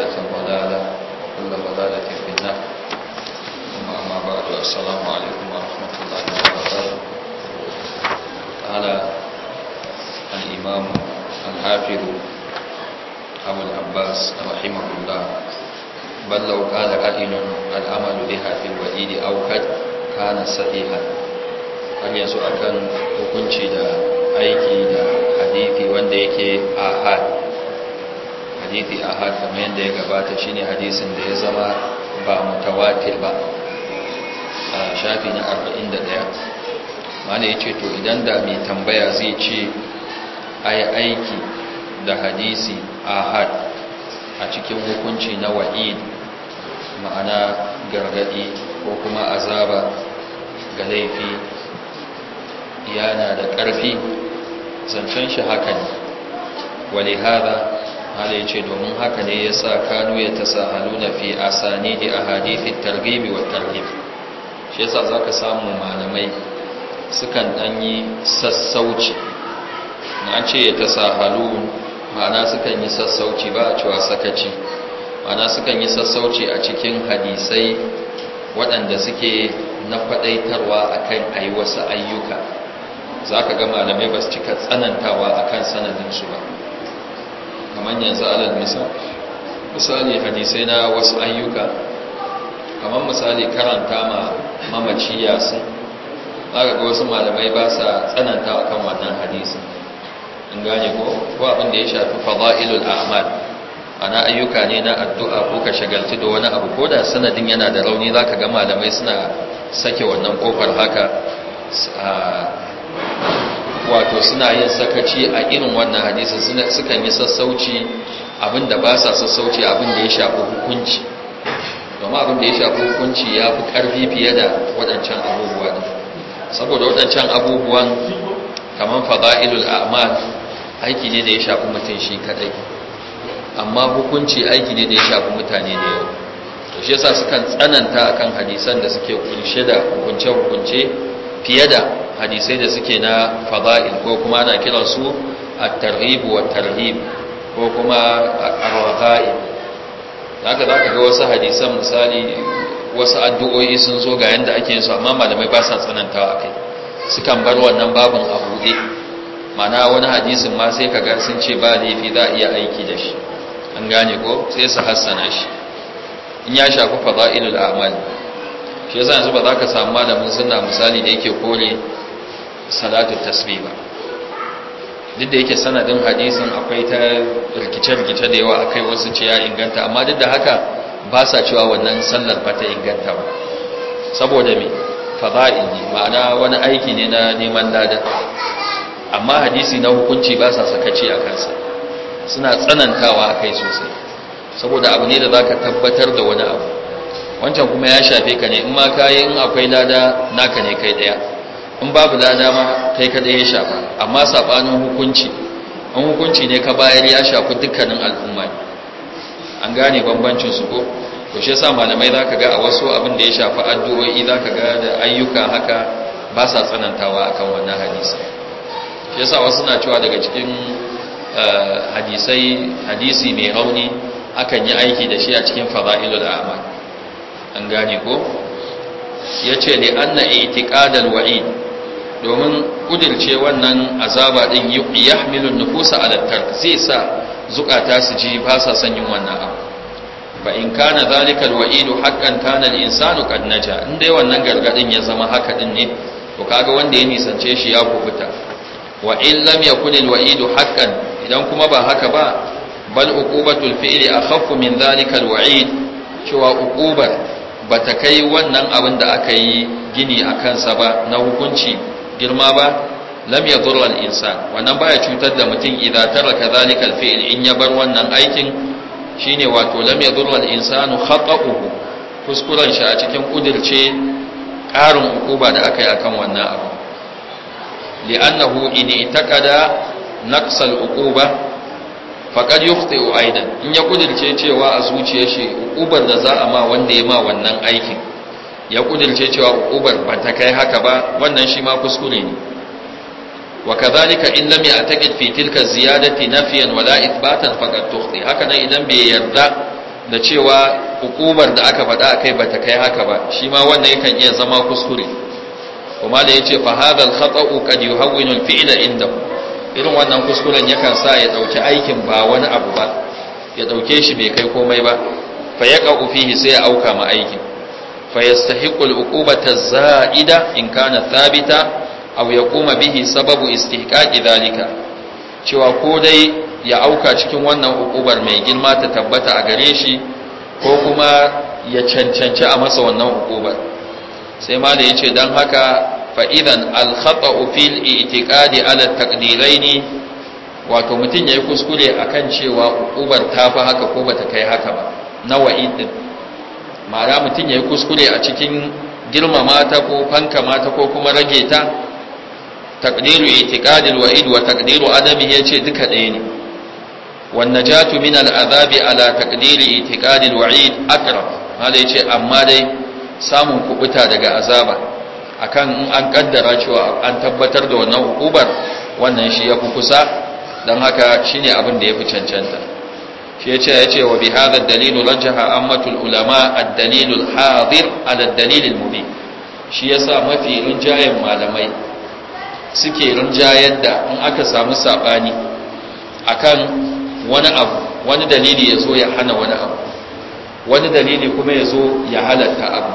بدعة ضلالة وكل ضلالة في النار ثم أما بعد السلام عليكم ورحمة الله وبركاته قال الإمام الحافظ أبو العباس رحمه الله بل لو قال قائل الأمل بها في الوعيد أو قد كان صحيحا har yanzu akan hukunci da aiki da hadithi wanda yake ahad hadithi ahad kamar yadda ya gabata shine hadisin da ya zama ba mutawatir ba a shafi na 41 mana ya ce to idan da mai tambaya zai ce ai aiki da hadisi ahad a cikin hukunci na wa'id ma'ana gargadi ko kuma azaba ga laifi yana da ƙarfi zancen shi haka ne wani hada ya ce domin haka ne ya sa kanu ya ta na fi asanidi hadithin targhib wa tarhib shi yasa ka samu malamai sukan ɗan yi sassauci na ce ya ta tasahalun ma'ana sukan yi sassauci ba a cewa sakaci ma'ana sukan yi sassauci a cikin hadisai waɗanda suke na faɗaitarwa a a yi wasu ayyuka za ka ga malamai ba su cika tsanantawa kan sanadinsu ba kamar yanzu alal misal misali hadisai na wasu ayyuka kamar misali karanta ma mamaci yasin aka ga wasu malamai ba sa tsananta akan wannan hadisi in gane ko ko abin da ya shafi fada'ilul a'mal ana ayyuka ne na addu'a ko ka shagaltu da wani abu ko da sanadin yana da rauni za ka ga malamai suna sake wannan kofar haka wato suna yin sakaci a irin wannan hadisi sukan yi sassauci abinda ba sa sassauci abinda ya shafi hukunci domin abinda ya shafi hukunci ya fi ƙarfi fiye da waɗancan abubuwa ne saboda waɗancan abubuwan kamar fada'ilul amal aiki ne da ya shafi mutum shi kaɗai amma hukunci aiki ne da ya shafi mutane da yawa to shi yasa sukan tsananta akan hadisan da suke kunshe da hukunce-hukunce fiye da hadisai da suke na fada'il ko kuma ana kiran su at-targhib wa tarhib ko kuma ar-raghaib haka ka ga wasu hadisan misali wasu addu'o'i sun zo ga yanda ake yin su amma malamai ba sa tsanantawa su kan bar wannan babin a buɗe mana wani hadisin ma sai kaga sun ce ba laifi za a iya aiki da shi an gane ko sai su hassana shi in ya shafi fada'ilul a'mal shi yasa yanzu ba za ka samu malamin sunna misali da yake kore salatu tasbih ba duk da yake sanadin hadisin akwai ta rikice-rikice da yawa akai wasu ce ya inganta amma duk da haka ba sa cewa wannan sallar ba ta inganta ba saboda me fada'ili ma'ana wani aiki ne na neman lada amma hadisi na hukunci ba sa sakaci a kansa suna tsanantawa a kai sosai saboda abu ne da za ka tabbatar da wani abu wancan kuma ya shafe ka ne in ma kayan akwai lada naka ne kai daya in babu lada dama kai kadai ya shafa amma sabanin hukunci An hukunci ne ka bayar ya shafi dukkanin al'umma an gane bambancin su ko to shi yasa malamai zaka ga a wasu abin da ya shafi addu'o'i zaka ga da ayyuka haka ba sa tsanantawa akan wannan hadisi shi yasa wasu na cewa daga cikin eh, hadisai hadisi mai rauni akan yi aiki da shi a cikin fada'ilul a'mal an gane ko yace li anna i'tiqadal wa'id domin kudirce wannan azaba din yahmilun nufusa alattar zai sa zukata su ji ba sa son yin wannan abu ba in kana zalika alwa'idu haqqan kana al-insanu qad naja in wannan gargadin ya zama haka din ne to kaga wanda ya nisance shi ya kubuta wa in lam yakun alwa'idu haqqan idan kuma ba haka ba bal uqubatul a akhaffu min zalika alwa'id cewa ba ta kai wannan abin da aka yi gini a kansa ba na hukunci girma ba lam yadur al insan wannan baya cutar da mutum idan taraka zalika al fi'l in ya bar wannan aikin shine wato lam yadur al insanu khata'uhu kuskuren shi a cikin kudirce ƙarin hukuma da aka yi akan wannan abu li'annahu in taqada naqsal uquba faƙar yukta aidan in ya kudirce cewa a zuciya shi ubar da za a ma wanda ya ma wannan aikin ya kudirce cewa uqubar ba ta kai haka ba wannan shi ma kuskure ne wa kadhalika in lam ya'taqid fi tilka ziyadati nafiyan wala ithbatan faqad tukhti haka nan idan bai yarda da cewa hukumar da aka faɗa kai ba ta kai haka ba shi ma wannan yakan iya zama kuskure kuma da yace fa hadha al-khata'u qad yuhawwinu al-fi'la irin wannan kuskuren yakan sa ya dauki aikin ba wani abu ba ya dauke shi bai kai komai ba fa yaqa fihi sai ya auka ma aikin fa yastahiqu al-uqubata az-za'ida in kana thabita aw yaquma bihi sababu istihqaqi dhalika cewa ko dai ya auka cikin wannan uqubar mai girma ta tabbata a gare shi ko kuma ya cancanci a masa wannan uqubar sai mala yace dan haka fa'idan idan ufil khatau fil i'tiqadi ala taqdiraini wato mutum ya yi kuskure a kan cewa ubar ta fi haka ko ba ta kai haka ba na wa'id ma'ana mutum ya yi kuskure a cikin girma mata ko fanka mata ko kuma rage ta takdiru itiqadil wa'id wa takdiru adami ya ce duka ɗaya ne wan jatu min al'azabi ala takdiri idu wa'id aqrab mala ce, amma dai samun kubuta daga azaba akan in an kaddara cewa an tabbatar da wannan hukubar wannan shi ya fi kusa don haka shine abin da ya fi cancanta shi ya yace wa bi hadha ad-dalil rajaha ammatul ulama ad-dalil al-hadir ala ad-dalil al-mubin shi yasa mafi rinjayen malamai suke rinjayar da in aka samu sabani akan wani abu wani dalili yazo ya hana wani abu wani dalili kuma yazo ya halatta abu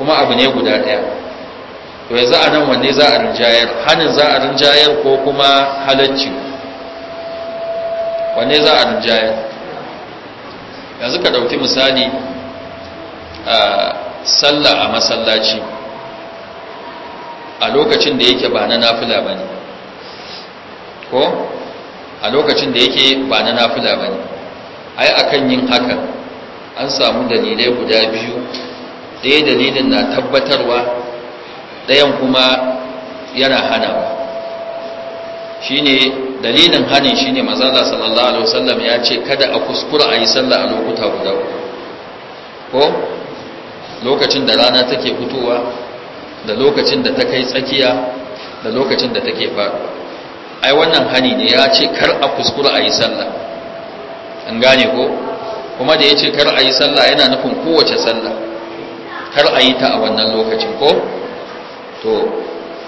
kuma abu ne guda daya to yanzu anan wanne za a rinjayar hanin za a rinjayar ko kuma halacci wanne za a rinjayar yanzu ka ɗauki misali a sallah a masallaci a lokacin da yake ba na nafila ba ne ko a lokacin da yake ba na nafila ba ne ai akan yin haka an samu dalilai guda biyu ɗaya dalilin na tabbatarwa ɗayan kuma yana hana ba shi ne dalilin hanin shine mazala sallallahu alaihi wasallam ya ce kada a kuskura a yi sallah a lokuta guda ko lokacin da rana take fitowa da lokacin da ta kai tsakiya da lokacin da take faɗuwa ai wannan hani ne ya ce kar a kuskura a yi sallah an gane ko kuma da ya ce kar a yi sallah yana nufin kowace sallah kar a yi ta a wannan lokacin ko to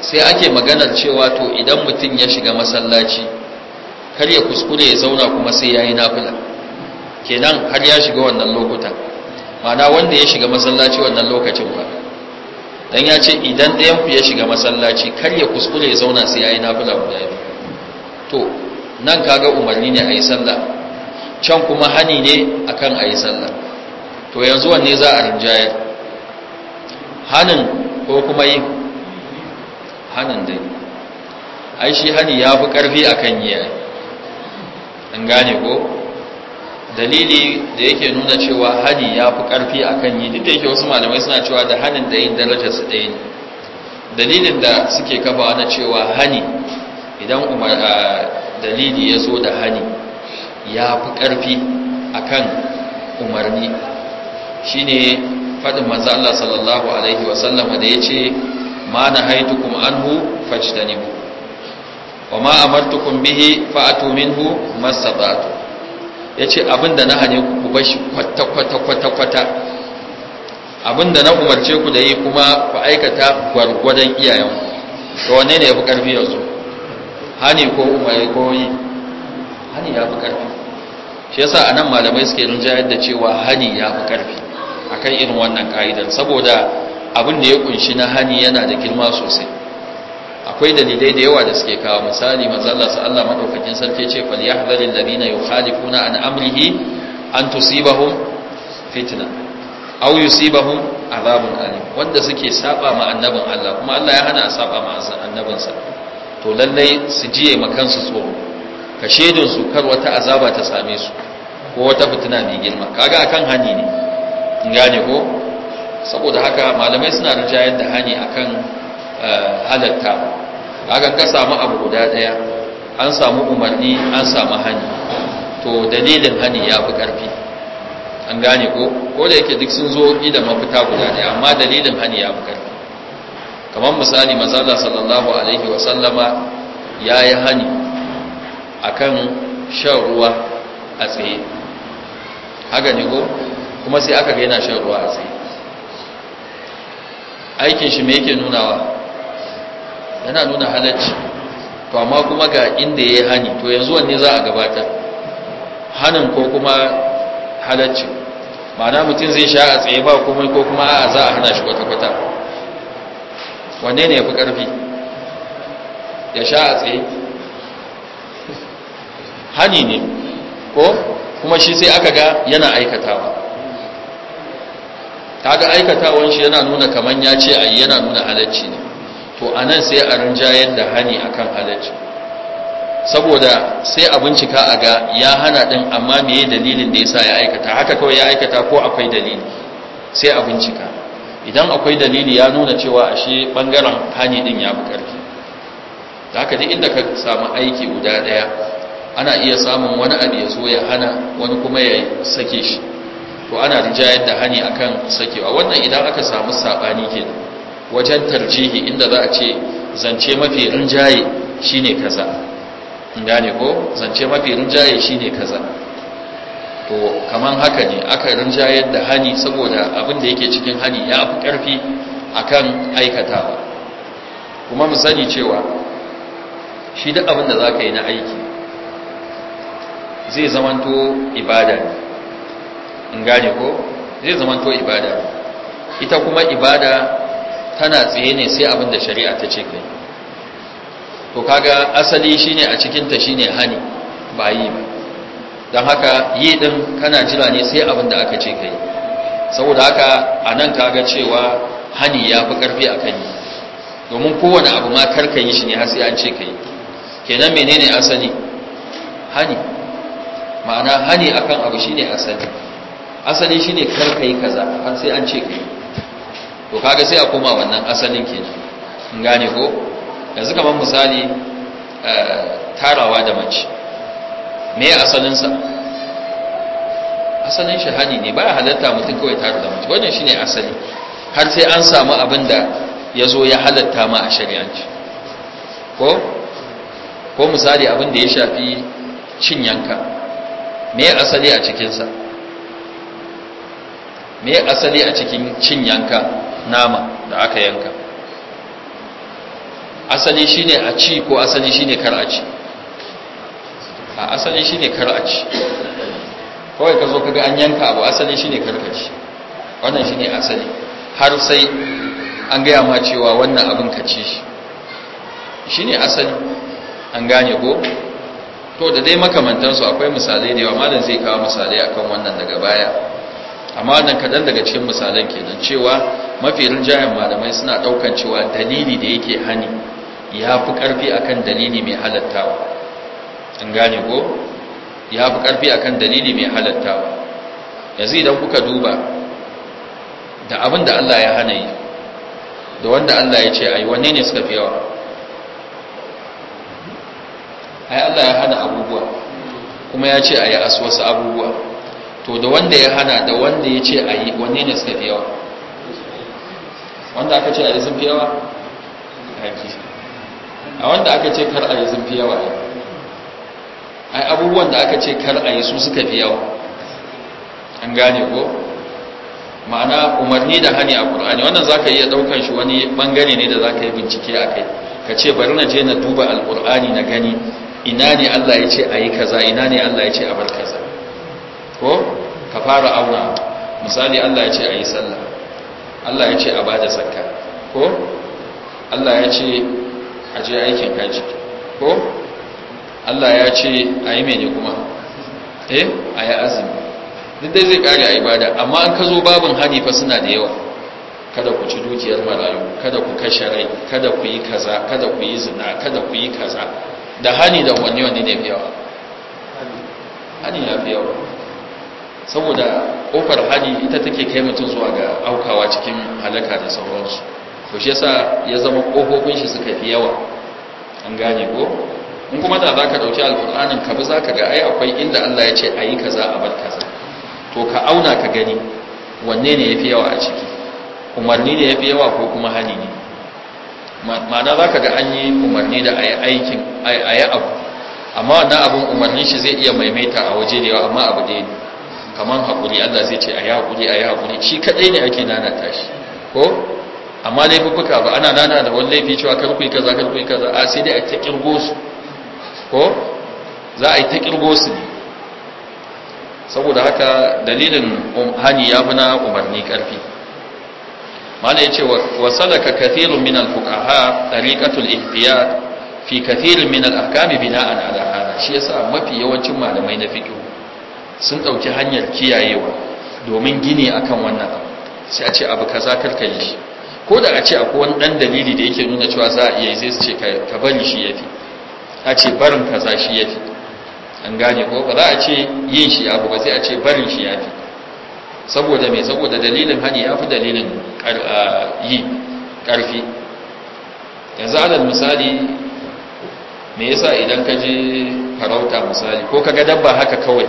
sai ake maganar cewa to idan mutum ya shiga masallaci kar ya kuskure ya zauna kuma sai ya yi nafila kenan har ya shiga wannan lokuta, ma'ana wanda ya shiga masallaci wannan lokacin ba dan ya ce idan ɗayan ku ya shiga masallaci kar ya kuskure ya zauna sai ya yi nafila guda biyu to nan kaga umarni ne a yi sallah can kuma hani ne akan a yi sallah to yanzu wanne za a rinjayar hanin ko kuma yi hanin dai ai shi hani ya fi ƙarfi kan yi yayi an gane ko dalili da yake nuna cewa hani ya fi ƙarfi a kan yi duk da yake wasu malamai suna cewa da hanin da yin darajar ɗaya ne dalilin da suke kafa na cewa hani idan umar dalili ya zo da hani ya fi ƙarfi a kan umarni shi ne faɗin manzan Allah sallallahu Alaihi wasallama da ya ce ma na haitu kuma fajtanibu wa ma amartukum bihi fa'atu minhu mastata'tu yace abinda na hane ku bar shi kwata kwata kwata kwata abinda na umarce ku da yi kuma ku aikata gwargwadon iyayen ku wanne ne yafi karfi yanzu hani ko umari ko yi hani yafi karfi shi yasa anan malamai suke rinjayar da cewa hani yafi karfi akan irin wannan ka'idar saboda abin da ya kunshi na hani yana da girma sosai akwai dalilai da yawa da suke kawo misali manzo Allah sallallahu sarki ce fal yahdharil ladina yukhalifuna an amrihi an tusibahum fitna aw yusibahum azabun alim wanda suke saba ma annabin Allah kuma Allah ya hana a saba ma annabinsa to lallai su jiye ma kansu tsoro ka shedin su kar wata azaba ta same su ko wata fitina mai girma kaga akan hani ne gane ko saboda haka malamai suna rijayar da hani akan halatta kaga ka samu abu guda daya an samu umarni an samu hani to dalilin hani ya fi karfi an gane ko ko da yake duk sun zo da mafita guda daya amma dalilin hani ya fi karfi kamar misali manzala sallallahu alaihi wa sallama yayi hani akan shan ruwa a tsaye haka ne ko kuma sai aka ga yana shan ruwa a tsaye aikin shi me yake nunawa yana nuna halacci to amma kuma ga inda ya yi hani to yanzu wanne za a gabatar hanin ko kuma halacci ma'ana mutum zai sha a tsaye ba komai ko kuma a za a hana shi kwata-kwata wanne ne ya fi ƙarfi ya sha a tsaye hani ne ko kuma shi sai aka ga yana aikatawa ta ga aikatawan shi yana nuna kaman ya ce a yi yana nuna halacci ne to a nan sai a rinjayar da hani akan halacci saboda sai a bincika a ga ya hana din, amma meye dalilin da ya sa ya aikata haka kawai ya aikata ko akwai dalili sai a bincika idan akwai dalili ya nuna cewa ashe bangaren hani din ya fi karfi da haka inda ka samu aiki guda ɗaya ana iya samun wani abu ya zo ya hana wani kuma ya sake shi to ana rijayar da hani akan sakewa wannan idan aka samu sabani kenan wajen tarjihi inda za a ce zance mafi rinjaye shine kaza gane ko zance mafi rinjaye shine kaza to kamar haka ne aka rinjayar da hani saboda abin da yake cikin hani ya fi karfi akan aikatawa kuma mu sani cewa shi duk abin da za ka yi na aiki zai zamanto ibada in gane ko zai zamanto ibada ita kuma ibada kana tsaye ne sai abin da shari'a ta ce kai to kaga asali shine a cikin ta shine hani ba yi ba don haka yi din kana jira ne sai abin da aka ce kai saboda haka a nan kaga cewa hani ya fi karfi a kan yi domin kowane abu ma karka yi shi ne hasi an ce kai kenan menene asali hani ma'ana hani akan abu shine asali asali shine karka yi kaza har sai an ce kai to kaga sai a koma wannan asalin kenan in gane ko yanzu kamar misali eh, tarawa da mace me asalin sa asalin shahadi ne ba halatta mutum kawai tara da mace wannan shine asali har sai an samu abin da yazo ya halatta ma a shari'anci ko ko misali abin da ya shafi cin yanka me asali a cikin sa me asali a cikin cin yanka nama da aka yanka asali shine a ci ko asali shine kar a ci a asali shine kar a ci kawai ka zo kaga an yanka abu asali shine kar ka ci wannan shine asali har sai an gaya ma cewa wannan abin ka ci shi shine asali an gane ko to da dai makamantansu akwai misalai da yawa malam zai kawo misalai akan wannan daga baya amma nan kaɗan daga cikin misalan kenan cewa mafi rinjayen malamai suna ɗaukan cewa dalili da yake hani ya fi ƙarfi akan dalili mai halattawa in gane ko ya fi ƙarfi akan dalili mai halattawa yanzu idan kuka duba da abin da Allah ya hana yi da wanda Allah ya ce ai wanne ne suka fi yawa ai Allah ya hana abubuwa kuma ya ce ai aswasu abubuwa to da wanda ya hana da wanda ya ce a yi wanne ne suka fi yawa wanda aka ce a yi sun fi yawa haƙi a wanda aka ce kar a yi sun fi yawa ai abubuwan da aka ce kar a yi su suka fi yawa an gane ko ma'ana umarni da hani a ƙur'ani wannan za ka iya ɗaukan shi wani ɓangare ne da za ka yi bincike a kai ka ce bari na je na duba alƙur'ani na gani ina ne allah ya ce a yi kaza ina ne allah ya ce a bar kaza ko ka fara auna misali Allah ya ce a yi sallah Allah ya ce a bada zakka ko Allah ya ce a je aikin haji ko Allah ya ce a yi mene kuma eh a yi azumi duk dai zai kare a ibada amma an ka zo babin hani fa suna da yawa kada ku ci dukiyar marayu kada ku kashe rai kada ku yi kaza kada ku yi zina kada ku yi kaza da hani da wani wanne ne fi yawa hani ya fi yawa saboda kofar hadi ita take kai mutum zuwa ga aukawa cikin halaka da sauransu to shi yasa ya zama kofofin shi suka fi yawa an gane ko in kuma da za ka ɗauki ka bi za ga ai akwai inda allah ya ce a yi kaza a bar kaza to ka auna ka gani wanne ne ya fi yawa a ciki umarni ne ya fi yawa ko kuma hali ne ma'ana za ka ga an yi umarni da a yi aikin a abu amma wannan abun umarnin shi zai iya maimaita a waje da yawa amma abu ɗaya ne kaman hakuri Allah zai ce a yi hakuri a yi hakuri shi kadai ne ake nanata shi ko amma buka ba ana nana da wani laifi cewa karku kuyi kaza karku kuyi kaza a sai dai a ta kirgo su ko za a yi ta kirgo su ne saboda haka dalilin um, hani ya fi na umarni karfi mana ya ce wa sadaka kathirun min al-fuqaha tariqatul ihtiyat fi kathirin min al-ahkami bina'an ala hada shi yasa mafi yawancin malamai na fiqh sun ɗauki hanyar kiyayewa domin gini akan wannan abu sai a ce abu kaza karka yi shi ko da a ce akwai wani ɗan dalili da yake nuna cewa za a iya zai ce ka bari shi yafi a ce barin kaza shi yafi an gane ko ba za a ce yin shi abu ba sai a ce barin shi yafi saboda mai saboda dalilin hani ya fi dalilin yi ƙarfi yanzu alal misali me yasa idan ka je farauta misali ko ka ga dabba haka kawai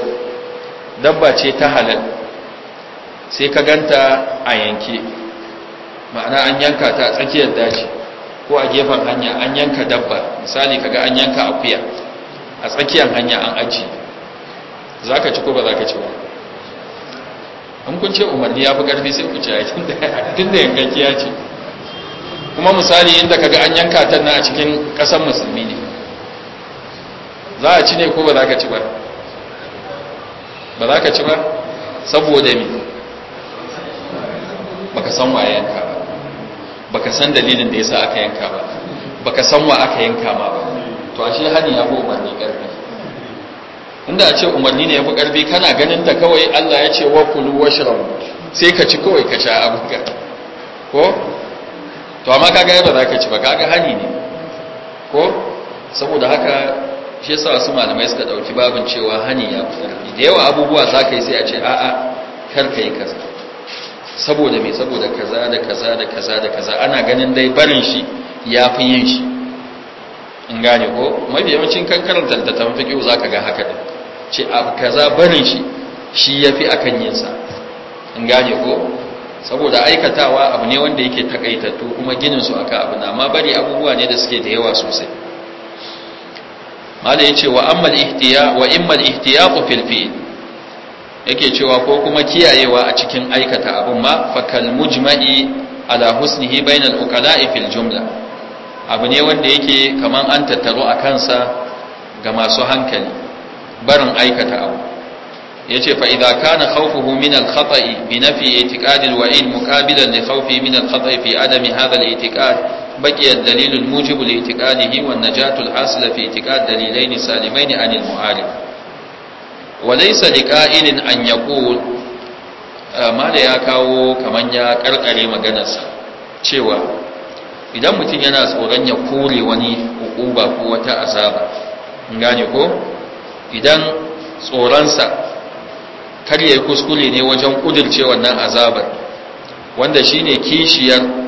dabba ce ta halal sai ka ganta a yanke ma'ana an yanka ta a tsakiyar daji ko a gefen hanya an yanka dabba misali kaga an yanka akuya a tsakiyar hanya an aji za ka ci ko ba za ka ci ba an kun ce umarni ya fi ƙarfi sai ku ci a tun da kiya ce kuma misali inda kaga an yanka ta na a cikin ƙasar musulmi ne za a ci ne ko ba za ka ci ba ba za ka ci ba saboda ba baka san wa yanka ba baka san dalilin da yasa aka yanka ba baka san wa aka yanka ma ba to ashe hani ya fi umarni karfi inda a ce umarni ne ya fi karfi kana ganin ta kawai Allah ya ce wa kulu washrabu sai ka ci kawai ka sha abin ka ko to amma kaga ba za ka ci ba kaga hani ne ko saboda haka shi yasa wasu malamai suka dauki babin cewa hani ya fi karfi da yawa abubuwa za ka yi sai a ce a'a kar ka yi kaza saboda me saboda kaza da kaza da kaza da kaza ana ganin dai barin shi ya fi yin shi in gane ko mafi yawancin kankarar mafi kyau za ka ga haka da ce abu kaza barin shi shi ya fi akan yin yinsa in gane ko saboda aikatawa abu ne wanda yake takaitattu kuma ginin su aka abu na ma bari abubuwa ne da suke da yawa sosai mala yace wa ammal ihtiya wa immal ihtiyaqu ku fi'l yake cewa ko kuma kiyayewa a cikin aikata abu ma fakal mujma'i ala husnihi bainal uqala'i fil jumla abu ne wanda yake kaman an tattaro a kansa ga masu hankali barin aikata abu yace fa idza kana khawfuhu min al khata'i bi nafi i'tiqad al wa'id muqabilan li khawfi min al khata'i fi adami hadha al i'tiqad بقي الدليل الموجب لإتقاده والنجاة الحاصلة في إتقاد دليلين سالمين عن المعارض وليس لقائل أن يقول ما لا يكاو كمن يكرقل مغنسا cewa idan mutum yana tsoron ya kore wani hukuba ko wata azaba gane ko idan tsoronsa kar ya kuskure ne wajen kudirce wannan azabar wanda shine kishiyar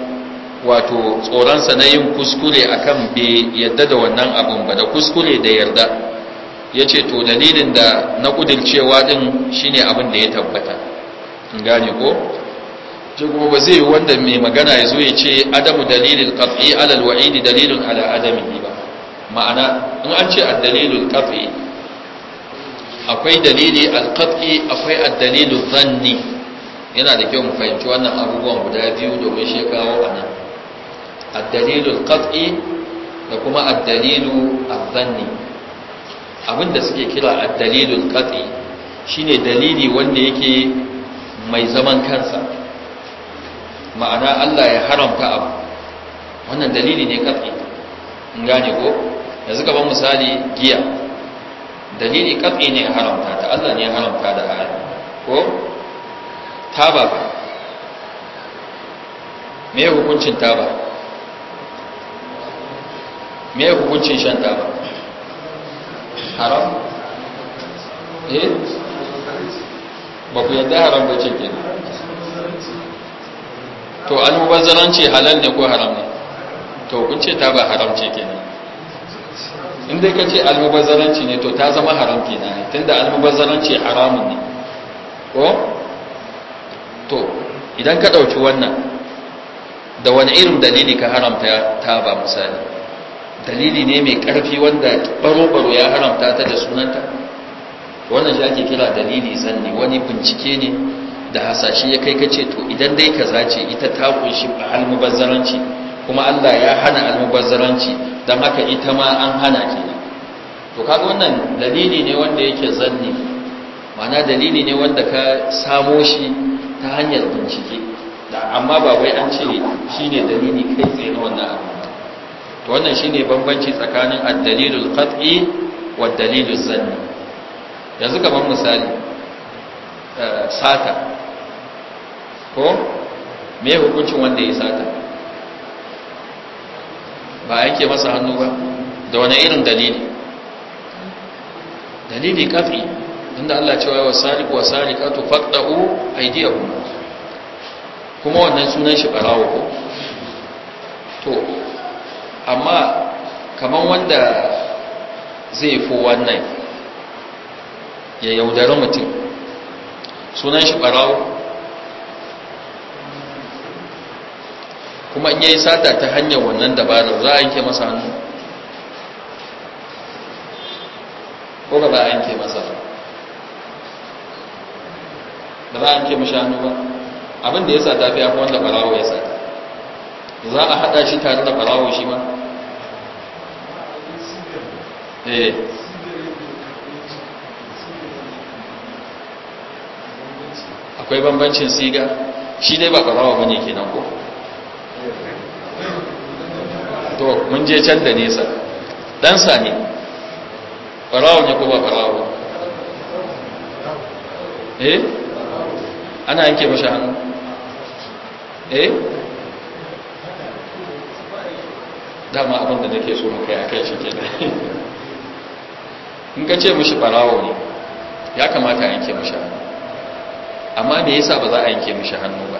wato tsoronsa na yin kuskure akan bai yadda da wannan abun ba da kuskure da yarda ya ce to dalilin da na kudircewa din shine abin da ya tabbata in gane ko ce kuma ba zai wanda mai magana ya zo ya ce adamu dalilin kafi alal wa'idi dalilin ala adami ba ma'ana in an ce addalilin kafi akwai dalili alkafi akwai addalilin zanni yana da kyau mu fahimci wannan abubuwan guda biyu domin shekawo a nan الدليل القطعي da kuma addalilu azzanni abinda suke kira addalilul qat'i shine dalili wanda yake mai zaman kansa ma'ana Allah ya haramta abu wannan dalili ne qat'i in gane ko yanzu kaman misali giya dalili qat'i ne haramta ta Allah ne haramta da ayat ko taba me hukuncin taba me ya hukuncin shan taba haram eh ba ku yadda haram ba ce kenan to almubazzaranci halal ne ko haram ne to kun ce ba haram ce kenan in dai ka ce almubazzaranci ne to ta zama haram kenan tunda almubazzaranci haramun ne ko to idan ka ɗauki wannan da wani irin dalili ka haramta ta ba misali dalili ne mai ƙarfi wanda baro-baro ya haramta ta da sunanta wannan shi ake kira dalili zanni wani bincike ne da hasashe ya kai kace to idan dai ka zace, ita ta kunshi almubazzaranci kuma Allah ya hana almubazzaranci don haka ita ma an hana kenan to kaga wannan dalili ne wanda yake zanni mana dalili ne wanda ka samo shi ta hanyar bincike amma ba wai an ce shine dalili kai tsaye na wannan abu to wannan shine bambanci tsakanin ad-dalilul qat'i wa ad dalilul zanni yanzu kaman misali eh, sata ko me hukuncin wanda ya sata ba yake masa hannu ba da wani irin dalili dalili qat'i inda Allah cewa wa sariq wa sariqatu faqta'u aydiyahum kuma wannan sunan shi barawo ko to amma kamar wanda zai fi wannan ya yaudari mutum sunan shi barawo kuma in yi sata ta hanyar wannan dabarar za a yanke masa hannu ko ba za a yanke masa ba za a yanke mashi hannu ba abinda ya sata fi akwai wanda barawo ya sata za a hada shi tare da barawo shi ma eh akwai bambancin siga shi dai ba barawo bane kenan ko to mun je can da nesa dan sani barawo ne ko ba barawo eh ana yanke mashi hannu eh dama abin da nake so mu kai akai shi kenan in ka ce mishi barawo ne ya kamata a yanke mishi hannu amma me yasa ba za a yanke mishi hannu ba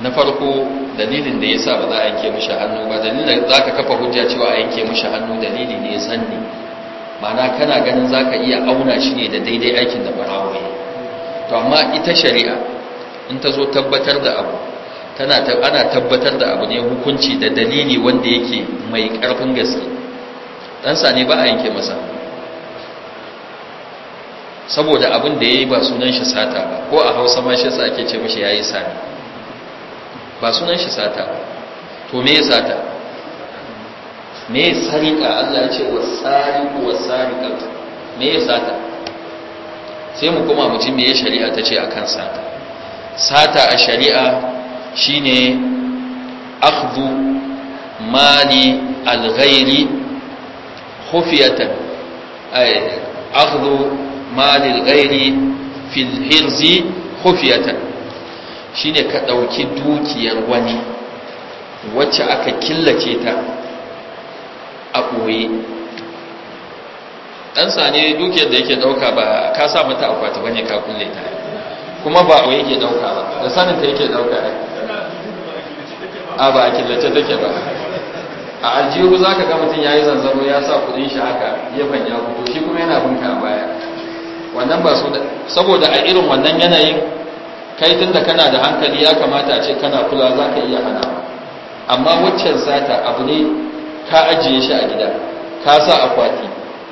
na farko dalilin da yasa ba za a yanke mishi hannu ba dalilin da zaka kafa hujja cewa a yanke mishi hannu dalili ne ya ne ma'ana kana ganin zaka iya auna shi ne da daidai aikin da barawo ne to amma ita shari'a in ta zo tabbatar da abu tana ana tabbatar da abu ne hukunci da dalili wanda yake mai ƙarfin gaske dan Sani ba a yanke masa saboda abin da yayi ba sunan shi sata ba ko a Hausa ma shi sake ce mishi yayi sani, ba sunan shi sata ba to me sata me sariqa Allah ya ce wasariqu wasariqatu me sata sai mu kuma mu ji me shari'a ta ce akan sata sata a shari'a shine akhdhu mali alghayri khufiyatan ay akhdhu mali alghayri fil hirzi khufiyatan shine ka dauki dukiyar wani wacce aka killace ta a boye ɗan sane dukiyar da yake ɗauka ba ka sa mata akwati bane ka kulle ta kuma ba a yake ɗauka ba da ta yake ɗauka ne a ba a killace take ba a aljihu za ka ga mutum ya yi zanzaro ya sa kudin shi haka ya fanya shi kuma yana bin a baya wannan ba su da saboda a irin wannan yanayin kai tun da kana da hankali ya kamata a ce kana kula za ka iya hana amma waccan sata abu ne ka ajiye shi a gida ka sa akwati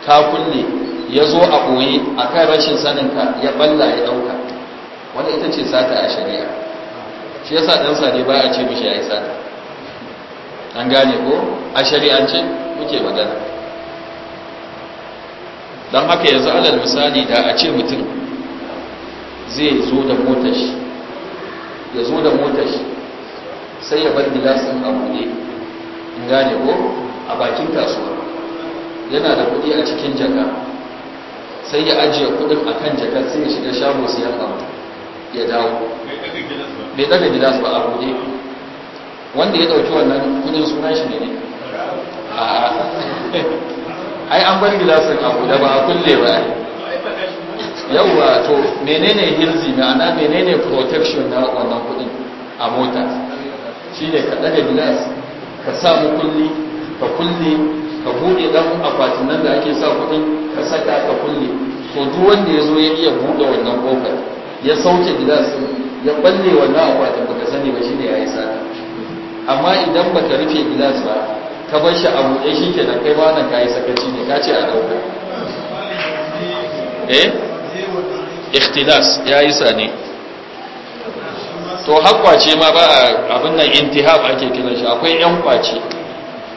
ka kulle ya zo a ɓoye a kan rashin saninka ya balla ya ɗauka wanda ita ce sata a shari'a shi yasa dan sane ba a ce mishi yayi sata an gane ko a shari'ance muke magana dan haka yanzu alal misali da a ce mutum zai zo da motar shi ya zo da motar shi sai ya bar gilasin a buɗe in gane ko a bakin kasuwa yana da kuɗi a cikin jaka sai ya ajiye kudin a kan jakar sai ya shiga shago siyan abu ya dawo bai daga gilas ba a rude wanda ya dauki wannan kudin sunan shi ne ai an bar gilasin a da ba a kulle ba yauwa to menene hirzi Ana menene protection na wannan kudin a mota shi ne ka daga gilas ka samu kulli ka kulle ka buɗe dan akwatin nan da ake sa kudin ka saka ka kulle to duk wanda ya zo ya iya buɗe wannan ƙofar ya sauke gilas ya balle wannan akwatin baka sani ba shine yayi sata amma idan baka rufe glass ba ka bar shi a buɗe shi kai ba nan kai sakaci ne kace a dauka eh ikhtilas yayi sane to hakwace ma ba abin nan intihab ake kiran shi akwai yan kwace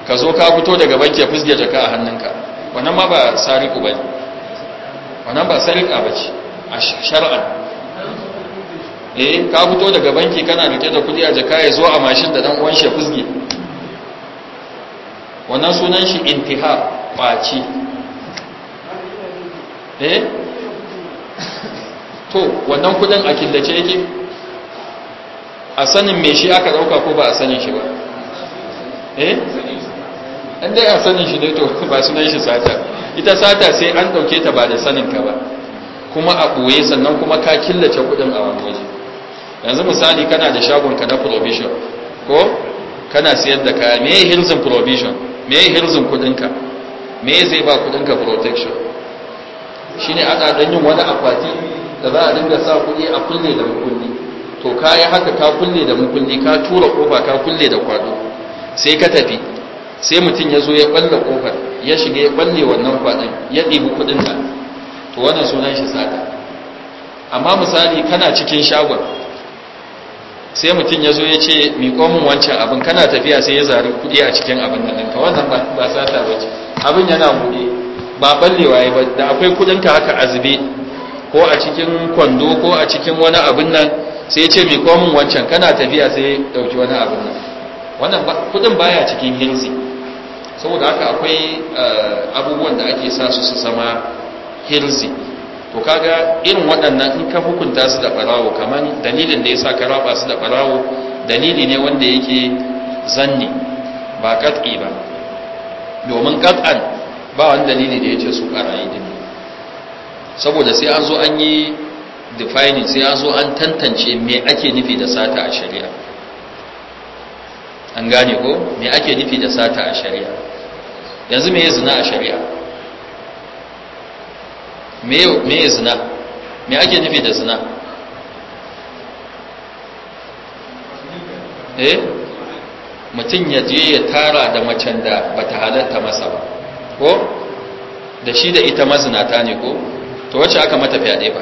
ka zo ka fito daga banki ya fusge jaka a hannunka wannan ma ba sariku ne. wannan ba ba ce a shar'an eh ka fito daga banki kana rike da kudi a jaka ya zo a mashin da dan uwan shi fusge wannan sunan shi intiha kwaci eh to wannan kudin a killace yake a sanin me shi aka dauka ko ba a sanin shi ba eh an dai a sanin shi ne to ba sunan shi sata ita sata sai an dauke ta ba da sanin ka ba kuma a ɓoye sannan kuma ka killace kudin a wani waje yanzu misali kana da shagon ka na provision ko kana siyar da kaya me hirzin provision me hirzin kudinka me zai ba kudinka protection shine ana dan yin wani akwati da za a dinga sa kudi a kulle da mukulli to kai haka ka kulle da mukulli ka tura kofa ka kulle da kwado sai ka tafi sai mutum ya zo ya balle kofar ya shiga ya balle wannan kwadon ya ɗibi kudinka to wannan sunan shi sata amma misali kana cikin shagon sai mutum ya zo ya ce miƙo min wancan abin kana tafiya sai ya zari kuɗi a cikin abin nan Ka wannan ba sata ba ce abin yana buɗe ba ballewa ya ba da akwai kuɗinka haka azube ko a cikin kwando ko a cikin wani abin nan sai ya ce miƙo min wancan kana tafiya sai ya ɗauki wani abin nan wannan kuɗin baya cikin hirzi saboda haka akwai eh, abubuwan da ake sa su su zama hirzi to kaga irin waɗannan in ka hukunta su da ɓarawo kamar dalilin da ya sa ka raba su da barawo dalili ne wanda yake zanni ba kat'i ba domin kat'an ba wani dalili da ya yace su yi din saboda sai an zo an yi defining sai an zo an tantance me ake nufi da sata a shari'a an gane ko me ake nufi da sata a shari'a yanzu me ya zina a shari'a me ya zina me ake nufi da zina eh mutum ya je ya tara da macen da bata halatta masa ba ko da shi da ita mazinata ne ko to wacce aka mata fyaɗe ba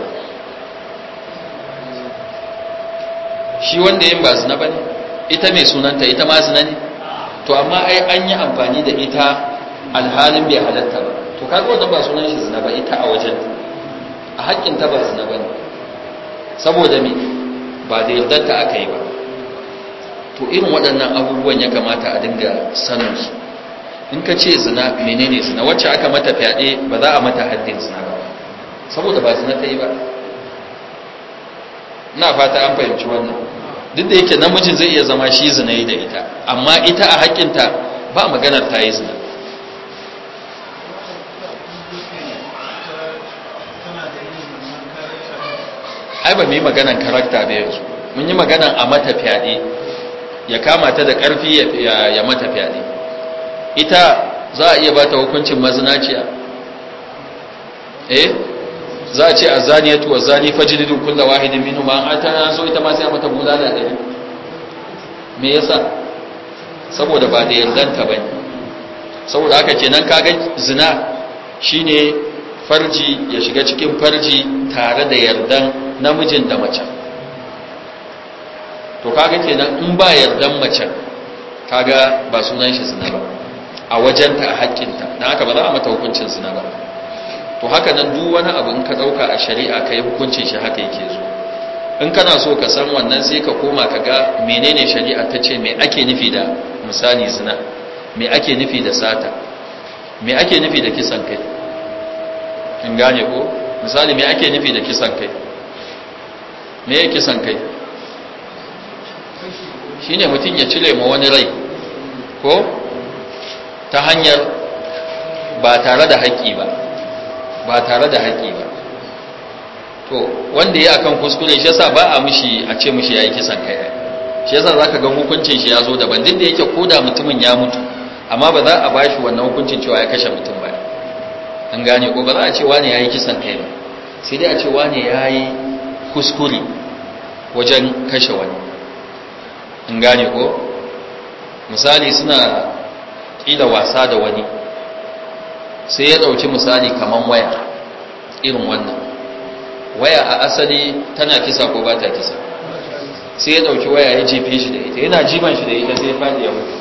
shi wanda yin ba zina ba ne ita mai sunanta ita mazina ne to amma ai an yi amfani da ita alhalin bai halatta ba kaga wata ba sunan shi zina ba ita a wajen a haƙƙin ta ba zina ba ne saboda me ba da yardar ta aka yi ba to irin waɗannan abubuwan ya kamata a dinga sanin su in ka ce zina menene zina wacce aka mata fyaɗe ba za a mata haddin zina ba saboda ba zina ta yi ba na fata an fahimci wannan duk da yake namijin zai iya zama shi zina da ita amma ita a haƙƙinta ba maganar ta yi zina ai ba mu yi maganan karakta ba yanzu mun yi maganan a mata fyaɗe ya kama da ƙarfi ya mata fyaɗe ita za a iya ba ta hukuncin mazinaciya eh za a ce a ya tuwa zani fajlidu kulla wahidin minu ma a ta so ita ma sai a mata da ɗari me yasa saboda ba da yardanta ba ne saboda haka kenan ga zina shine farji ya shiga cikin farji tare da yardan namijin da macen to kaga kenan in ba yardan macen kaga ba sunan shi zina ba a wajenta a haƙƙinta don haka ba za a mata hukuncin zina ba to haka nan duk wani abu in ka ɗauka a shari'a ka yi hukuncin shi haka yake zo in kana so ka san wannan sai ka koma ka ga menene shari'a ta ce me ake nufi da misali zina me ake nufi da sata me ake nufi da kisan kai in gane ko misali me ake nufi da kisan kai me yake kisan kai shi ne mutum ya cire ma wani rai ko ta hanyar ba tare da haƙƙi ba ba tare da haƙƙi ba to wanda ya akan kuskure shi yasa ba a mishi a ce mishi yi kisan kai shi yasa ka ga hukuncin shi ya zo daban duk da yake koda mutumin ya mutu amma ba za a bashi wannan hukuncin cewa ya kashe mutum ba an gane ko ba za a ce wani yi kisan kai ba sai dai a ce wani yi. kuskure wajen kashe wani in gane ko misali suna ƙila wasa da wani sai ya ɗauki misali kamar waya irin wannan waya a asali tana kisa ko ba ta kisa sai ya ɗauki waya ya jefe shi da ita yana jiban shi da ita sai ya faɗi ya mutu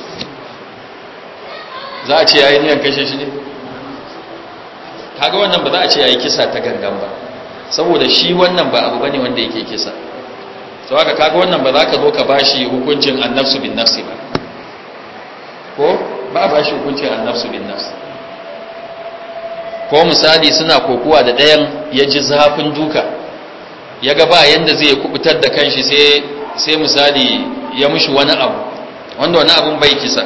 za a ce ya yi niyan kashe shi ne kaga wannan ba za a ce ya yi kisa ta gangan ba saboda shi wannan ba abu bane wanda yake kisa to haka kaga wannan ba za ka zo ka bashi hukuncin annafsu bin nafsi ba ko ba bashi hukuncin annafsu bin nafsi ko misali suna kokuwa da ɗayan ya ji zafin duka ya ga ba yanda zai kubutar da kanshi sai sai misali ya mushi wani abu wanda wani abun bai kisa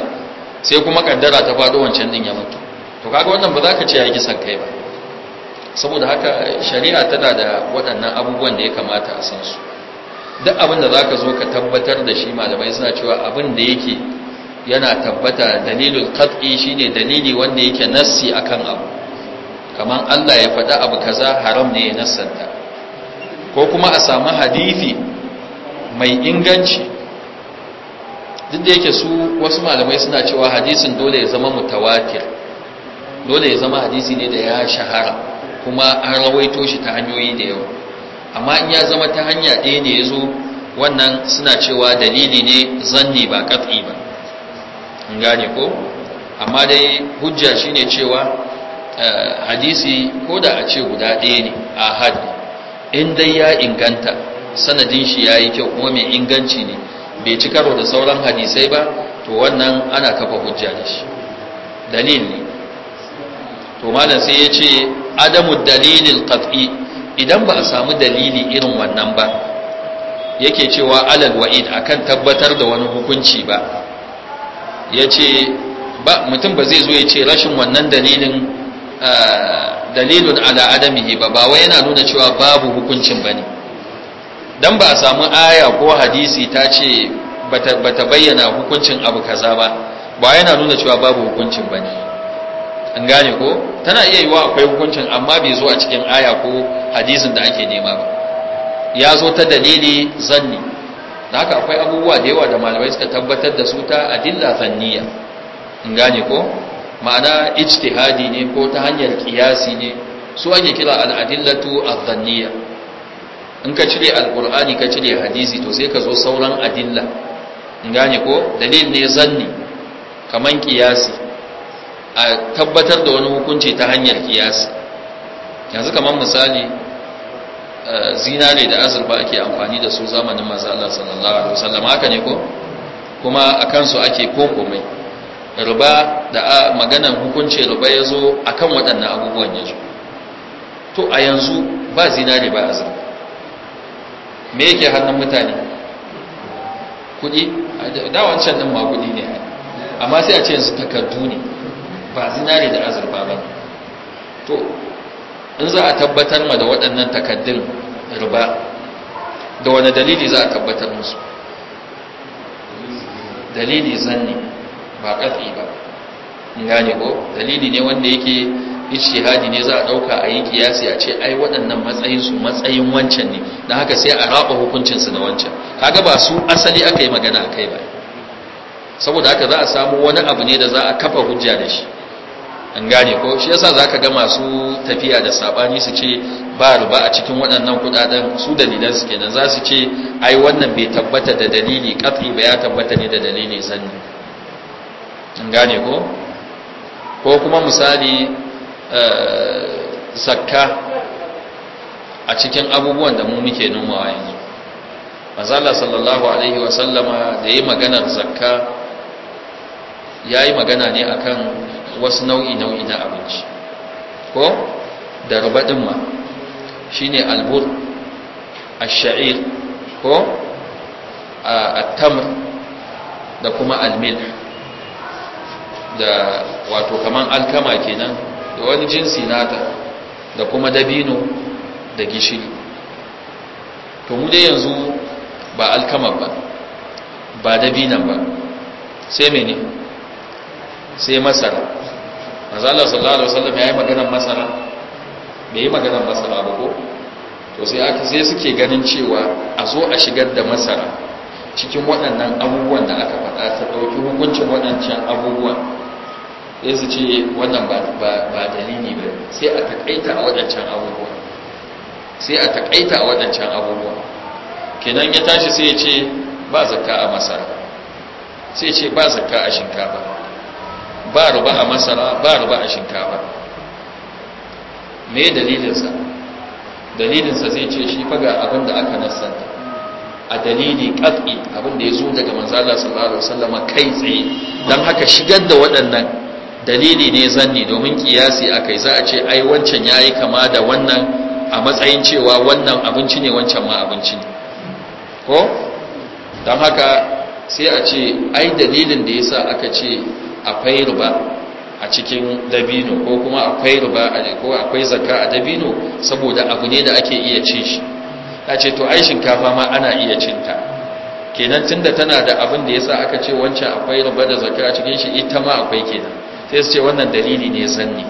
sai kuma kaddara ta faɗo wancan din ya mutu to kaga wannan ba za ka ce ya kisan kai ba saboda haka shari'a tana da waɗannan abubuwan da ya kamata a san su duk abin da zaka zo ka tabbatar da shi malamai suna cewa abin da yake yana tabbata dalilul qat'i shine dalili wanda yake nassi akan abu kaman Allah ya faɗa abu kaza haram ne ya nassanta ko kuma a samu hadisi mai inganci duk da yake su wasu malamai suna cewa hadisin dole ya zama mutawatir dole ya zama hadisi ne da ya shahara kuma an rawaito shi ta hanyoyi da yawa amma in ya zama ta hanya ɗaya ne ya zo wannan suna cewa dalili ne zanni ba katsi ba in gane ko amma dai hujja shine cewa eh, hadisi ko da a ce guda ɗaya ne a hadi in dai ya inganta sanadin shi ya yi kyau kuma mai inganci ne bai ci karo da sauran hadisai ba to wannan ana kafa hujja da shi dalil ne to malam sai ya ce adamu dalilin qat'i idan ba a samu dalili irin wannan ba yake cewa alal wa'id akan tabbatar da wani hukunci ba yace ba mutum ba zai zo ya ce rashin wannan dalilin dalilun ala adamihi ba ba wai yana nuna cewa babu hukuncin bane dan ba a samu aya ko hadisi ta ce ba ta bayyana hukuncin abu kaza ba ba yana nuna cewa babu hukuncin bane an gane ko tana iya yiwa akwai hukuncin amma bai zo a cikin aya ko hadisin da ake nema ba ya zo ta dalili zanni da haka akwai abubuwa da yawa da malamai suka tabbatar da su ta adilla zanniya in gane ko ma'ana ijtihadi ne ko ta hanyar kiyasi ne su ake kira al'adillatu adh-dhanniya in ka cire alqur'ani ka cire hadisi to sai ka zo sauran adilla in gane ko dalil ne zanni kaman kiyasi a tabbatar da wani hukunci ta hanyar kiyasi yanzu kamar misali zinare da azurba ake amfani da su zamanin maza Allah sallallahu alaihi wasallam haka ne ko kuma a kansu ake komai ruba da maganan hukunci ruba ya zo a kan waɗannan abubuwan ya zo to a yanzu ba zinare ba azurba me yake hannun mutane kuɗi da wancan ɗin ma kuɗi ne amma sai a ce yanzu takardu ne ba zinare da azurfa ba to in za a tabbatar ma da waɗannan takaddun riba da wani dalili za a tabbatar musu dalili zanni ba ƙafi ba gane ko dalili ne wanda yake hadi ne za a ɗauka a yi kiyasi a ce ai waɗannan matsayin su matsayin wancan ne Na haka sai a raba hukuncinsu na wancan kaga ba su asali aka yi magana a kai ba saboda haka za a samu wani abu ne da za a kafa hujja da shi an gane ko shi yasa zaka ga masu tafiya da sabani su ce ba riba a cikin waɗannan kudaden su dalilan su kenan za su ce ai wannan bai tabbata da dalili qat'i ba ya tabbata ne da dalili sanni an gane ko ko kuma misali eh, zakka a cikin abubuwan da mu muke nomawa yanzu mazala sallallahu alaihi wasallama da yi maganar zakka ya yi magana ne akan wasu nau'i nau'i na abinci ko da ma shine albur ash-sha'ir ko at-tamr da kuma almil da wato kaman alkama kenan da wani jinsi nata da kuma dabino da gishiri to mu dai yanzu ba alkama ba ba dabinan ba sai mene sai masara manzala sallallahu alaihi wasallam yayi maganar masara bai yi maganar masara ba ko to sai aka sai suke ganin cewa a zo a shigar da masara cikin waɗannan abubuwan da aka faɗa ta ɗauki hukuncin waɗancan abubuwan sai su ce wannan ba dalili ba sai a taƙaita a waɗancan abubuwan sai a taƙaita a waɗancan abubuwan kenan ya tashi sai ya ce ba zakka a masara sai ya ce ba zakka a shinkafa ba ruba a masara ba ruba a shinkafa me dalilinsa dalilinsa zai ce shi faga abin da aka nasanta a dalili ƙafi abin da ya zo daga manzala sallallahu alaihi wasallama kai tsaye don haka shigar da waɗannan dalili ne zanni domin kiyasi akai za a ce ai wancan yayi kama da wannan a matsayin cewa wannan abinci ne wancan ma abinci ne ko don haka sai a ce ai dalilin da yasa aka ce akwai ruba a cikin dabino ko kuma akwai ruba ko akwai zakka a dabino saboda abu ne da ake iya ci shi ta ce to ai shinkafa ma ana iya cinta kenan tunda tana da abin da yasa aka ce wancan akwai ruba da zakka a cikin shi ita ma akwai kenan sai su ce wannan dalili ne zanni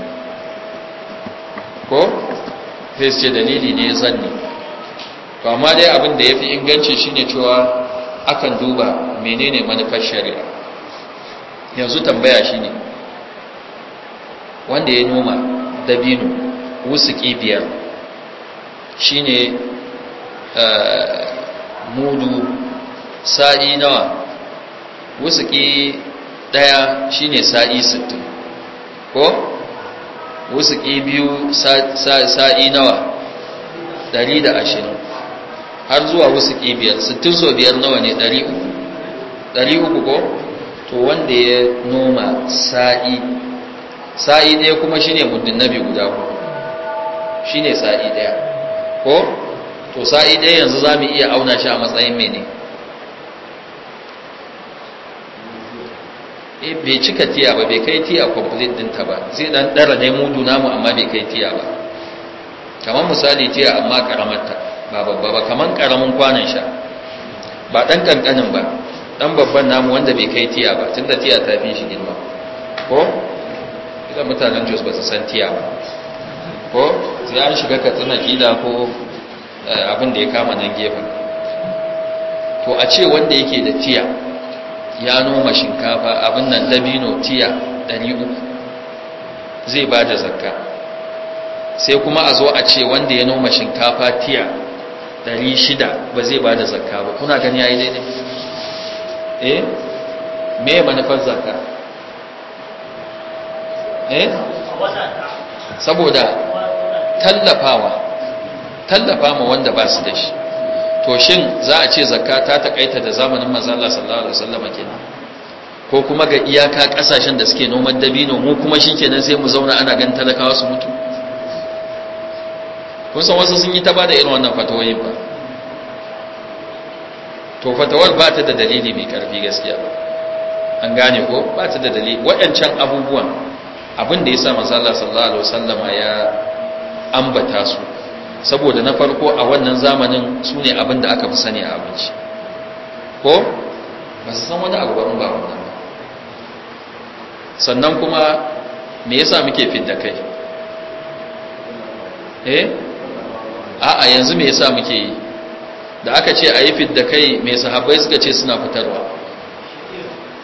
ko sai su ce dalili ne zanni to amma dai abin da yafi inganci shine cewa akan duba menene manufar shari'a yanzu tambaya shi ne wanda ya noma dabino wusuki biyar shi ne eh, mudu sa'i nawa ƙi daya shi ne sa'i sittin ko ƙi biyu sa'i nawa dari da ashirin har zuwa wusuki biyar sittin so biyar nawa ne uku, dari uku ko to wanda ya noma sa'i sa'i ɗaya kuma shine muddin nabi guda ku shine sa'i ɗaya ko to sa'i ɗaya yanzu za mu iya auna shi a matsayin ne e eh, bai cika tiya ba bai kai tiya complete dinta ba zai dan dara dai mudu namu amma bai kai tiya ba kamar misali tiya amma karamarta ba babba ba kamar karamin kwanan sha ba dan kankanin ba dan babban namu wanda bai kai tiya ba tunda tiya ta fi shi girma ko idan mutanen Jos ba su san tiya ba ko sai an shiga katsina kila ko eh, abin da ya kama nan gefen to a ce wanda yake da tiya ya noma shinkafa abin nan dabino tiya 300 zai ba da zakka sai kuma a zo a ce wanda ya noma shinkafa tiya 600 ba zai ba da zakka ba kuna gani ya yi daidai eh me manufar zakka eh saboda tallafawa tallafa ma wanda ba su da shi to shin za a ce zakka ta takaita da zamanin manzon Allah sallallahu alaihi wasallam kenan ko kuma ga iyaka kasashen da suke noman dabino mu kuma shikenan sai mu zauna ana ganin talakawa su mutu kun san wasu sun yi ta bada irin wannan fatawoyin ba to fatawar ba ta da dalili mai karfi gaskiya an gane ko ba ta da dalili waɗancan abubuwan abin da ya sa mazala sallallahu alaihi wasallama ya ambata su saboda na farko a wannan zamanin su ne abin da aka fi sani a abinci ko ba su san wani abu ba ba wannan ba sannan kuma me yasa muke fidda kai eh a'a yanzu me yasa muke yi da aka ce a yi fidda kai mai sahabbai suka ce suna fitarwa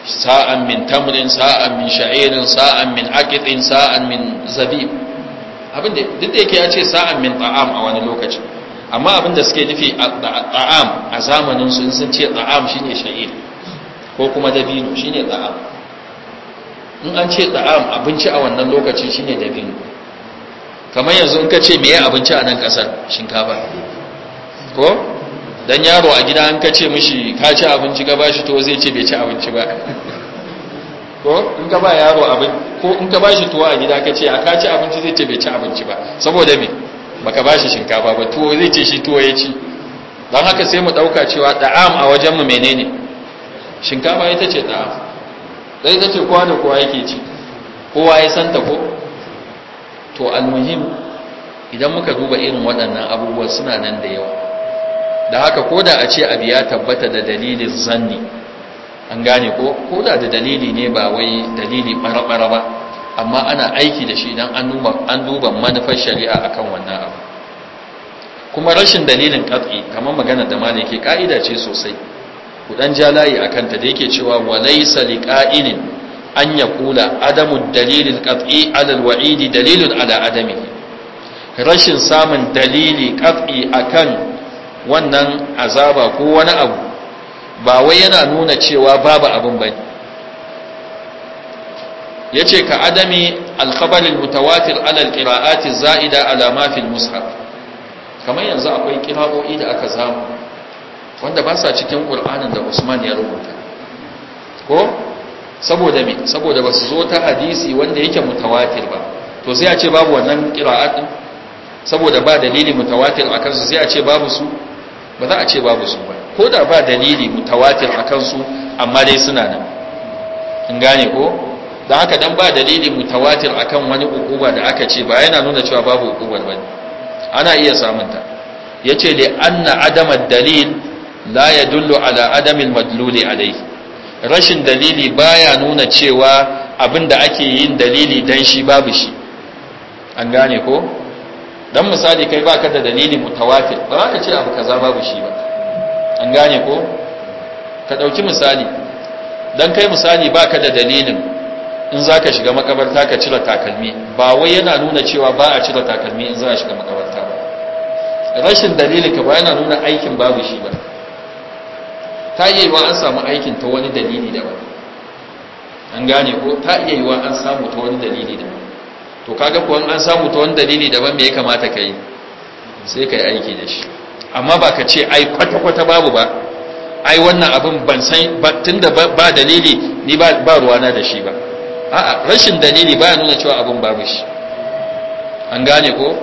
sa'an min tamrin sa'an min sha'irin sa'an min aqitin sa'an min zabi abin da duk da yake ya ce sa'an min ta'am a wani lokaci amma abin da suke nufi ta'am a zamanin su sun ce ta'am shine sha'ir ko kuma dabino shine ta'am in an ce ta'am abinci a wannan lokaci shine dabino kamar yanzu in ka ce meye abinci a nan ƙasar shinkafa ko dan yaro a gida an kace mishi ka ci abinci ka bashi to zai ce bai ci abinci ba ko in ka ba yaro abin ko in ka bashi tuwo a gida ka ce a ka ci abinci zai ce bai ci abinci ba saboda me baka bashi shinkafa ba tuwo zai ce shi tuwo ya ci don haka sai mu dauka cewa da'am a wajen mu menene shinkafa ita ce da'am dai ita ce kowa da kowa yake ci kowa ya san ta ko to almuhim idan muka duba irin waɗannan abubuwan suna nan da yawa da haka ko da a ce abu ya tabbata da dalilin zanni an gane ko koda da dalili ne ba wai dalili barabara ba amma ana aiki da shi don an duba manufar shari'a akan wannan abu kuma rashin dalilin katsi kamar magana da ma ƙa'ida ka'ida ce sosai ku dan ja layi akan ta da yake cewa walaysa liqa'inin an yaqula adamu dalilil qat'i ala alwa'idi dalilun ala adami rashin samun dalili a akan wannan azaba ko wani abu ba wai yana nuna cewa babu abin ba ya ce ka adami alkhabarin mutawatir alal ƙira'ati za'ida alamafin fil kamar yanzu akwai ƙira'o'i da aka samu wanda ba sa cikin ƙur'anin da usman ya rubuta ko saboda me saboda ba su zo ta hadisi wanda yake mutawatir ba to sai a ce babu wannan ƙira'at saboda ba dalili mutawatir a kansu sai a ce babu su ba za a ce babu su ba ko da ba dalili mutawatir a kansu amma dai suna nan in gane ko da haka dan ba dalili mutawatir kan wani ukuba da aka ce ba yana nuna cewa babu ukubar ne. ana iya samunta. Ya ce dai, "An na adama dalil la yadullu ala adami almadluli alai" rashin dalili baya nuna cewa abinda ake yin dalili dan shi babu shi an gane ko dan misali kai baka da dalili mutawafir ba ka ce abu kaza babu shi ba an gane ko ka dauki misali dan kai misali baka da dalilin in zaka shiga makabarta ka cire takalmi ba wai yana nuna cewa ba a cire takalmi in za a shiga makabarta ba rashin dalili ka ba yana nuna aikin babu shi ba ta iya yiwa an samu aikin ta wani dalili daban an gane ko ta iya yiwa an samu ta wani dalili daban to kaga kuwa an samu ta wani dalili daban me ya kamata ka yi sai ka yi aiki da shi amma ba ka ce ai kwata-kwata babu ba ai wannan abin ban san tun da ba dalili ni ba ruwana da shi ba a'a rashin dalili baya nuna cewa abin babu shi an gane ko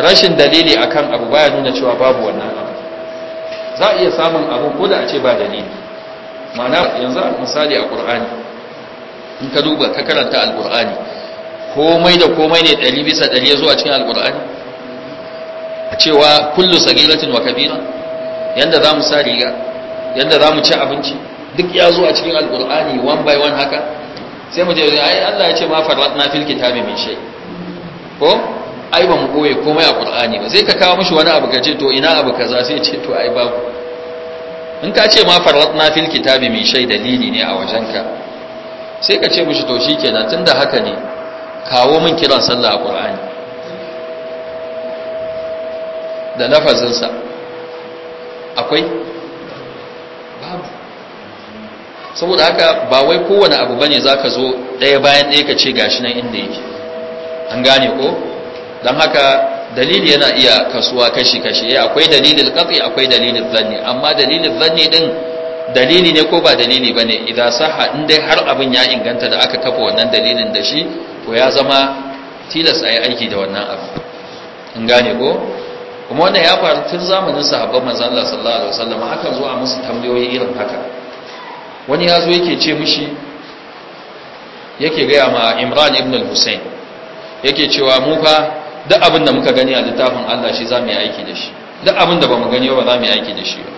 rashin dalili akan abu baya nuna cewa babu wannan abu za a iya samun abu ko da a ce ba dalili ma'ana yanzu misali a ƙur'ani in ka duba ka karanta al-ƙur'ani komai da komai ne ɗari bisa ɗari ya cikin alƙur'ani a cewa kullu sagilatin wa kabira yanda za mu sa riga yanda za mu ci abinci duk ya zuwa cikin alƙur'ani one by one haka sai mu je ai Allah ya ce ma farratna fil kitabi min shai. ko ai ba mu koye komai a ƙur'ani ba sai ka kawo mishi wani abu ce to ina abu kaza sai ce to ai babu in ka ce ma farratna fil kitabi min shai dalili ne a wajenka sai ka ce mishi to shikenan da haka ne kawo min kiran sallah a ƙur'ani da lafazinsa akwai babu saboda haka ba wai kowane abu bane zaka zo ɗaya bayan ɗaya ka ce gashi nan inda yake an gane ko don haka dalili yana iya kasuwa kashi-kashi ya eh, akwai dalilin katsi akwai dalilin zanni amma dalilin zanni ɗin dalili ne ko ba dalili ba ne idan saha in dai har abin ya inganta da aka kafa wannan dalilin da shi ko ya zama tilas a yi aiki da wannan abu in gane ko kuma wannan ya faru tun zamanin sahabban manzan Allah sallallahu alaihi wasallam akan zo a musu tambayoyi irin haka wani ya zo yake ce mishi yake gaya ma Imran ibn al-Husayn yake cewa mu fa duk abin da muka gani a littafin Allah shi za mu yi aiki da shi duk abin da bamu gani ba za mu yi aiki da shi ba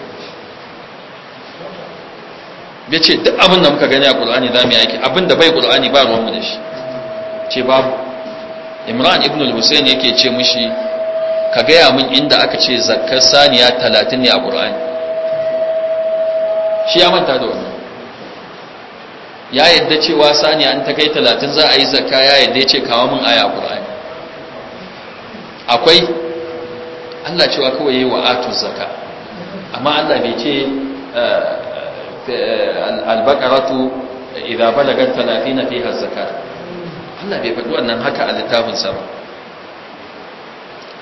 ya ce duk abin da muka gani a ƙul'ani za mu yi aiki abin da bai ƙul'ani ba ruwanmu da shi ce babu imran ibn al-husayn yake ce mishi ka gaya min inda aka ce zakkar saniya talatin ne a ƙur'ani shi ya manta da wannan ya yadda cewa saniya an ta kai talatin za a yi zakka ya yadda ce kawo min aya a ƙur'ani akwai allah cewa kawai yi wa zakka amma allah bai ce eh, eh, albakaratu idan balagar talatin na fi har Allah bai faɗi wannan haka a littafinsa ba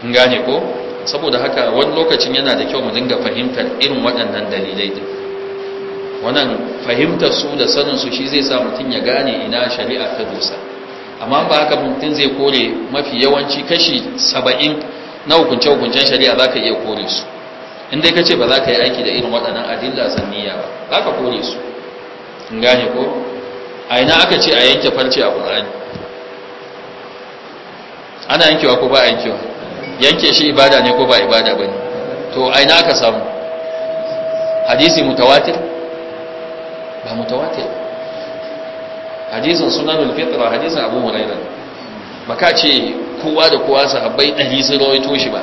in gane ko saboda haka wani lokacin yana da kyau mu dinga fahimtar irin waɗannan dalilai din wannan fahimtar su da sanin su shi zai sa mutum ya gane ina shari'a ta dosa amma ba haka mutum zai kore mafi yawanci kashi saba'in na hukunce-hukuncen shari'a za ka iya kore su in dai ka ce ba za ka yi aiki da irin waɗannan adilla sanniya ba za ka kore su in gane ko a ina aka ce a yanke farce a ƙur'ani ana yankewa ko ba a yankewa yanke shi ibada ne ko ba ibada ba ne to aina aka samu hadisi mutawatir ba mutawatir hadisin sunanul fitra hadisin abu huraira ba ka ce kowa da kowa sahabbai ɗari sun rawaito shi ba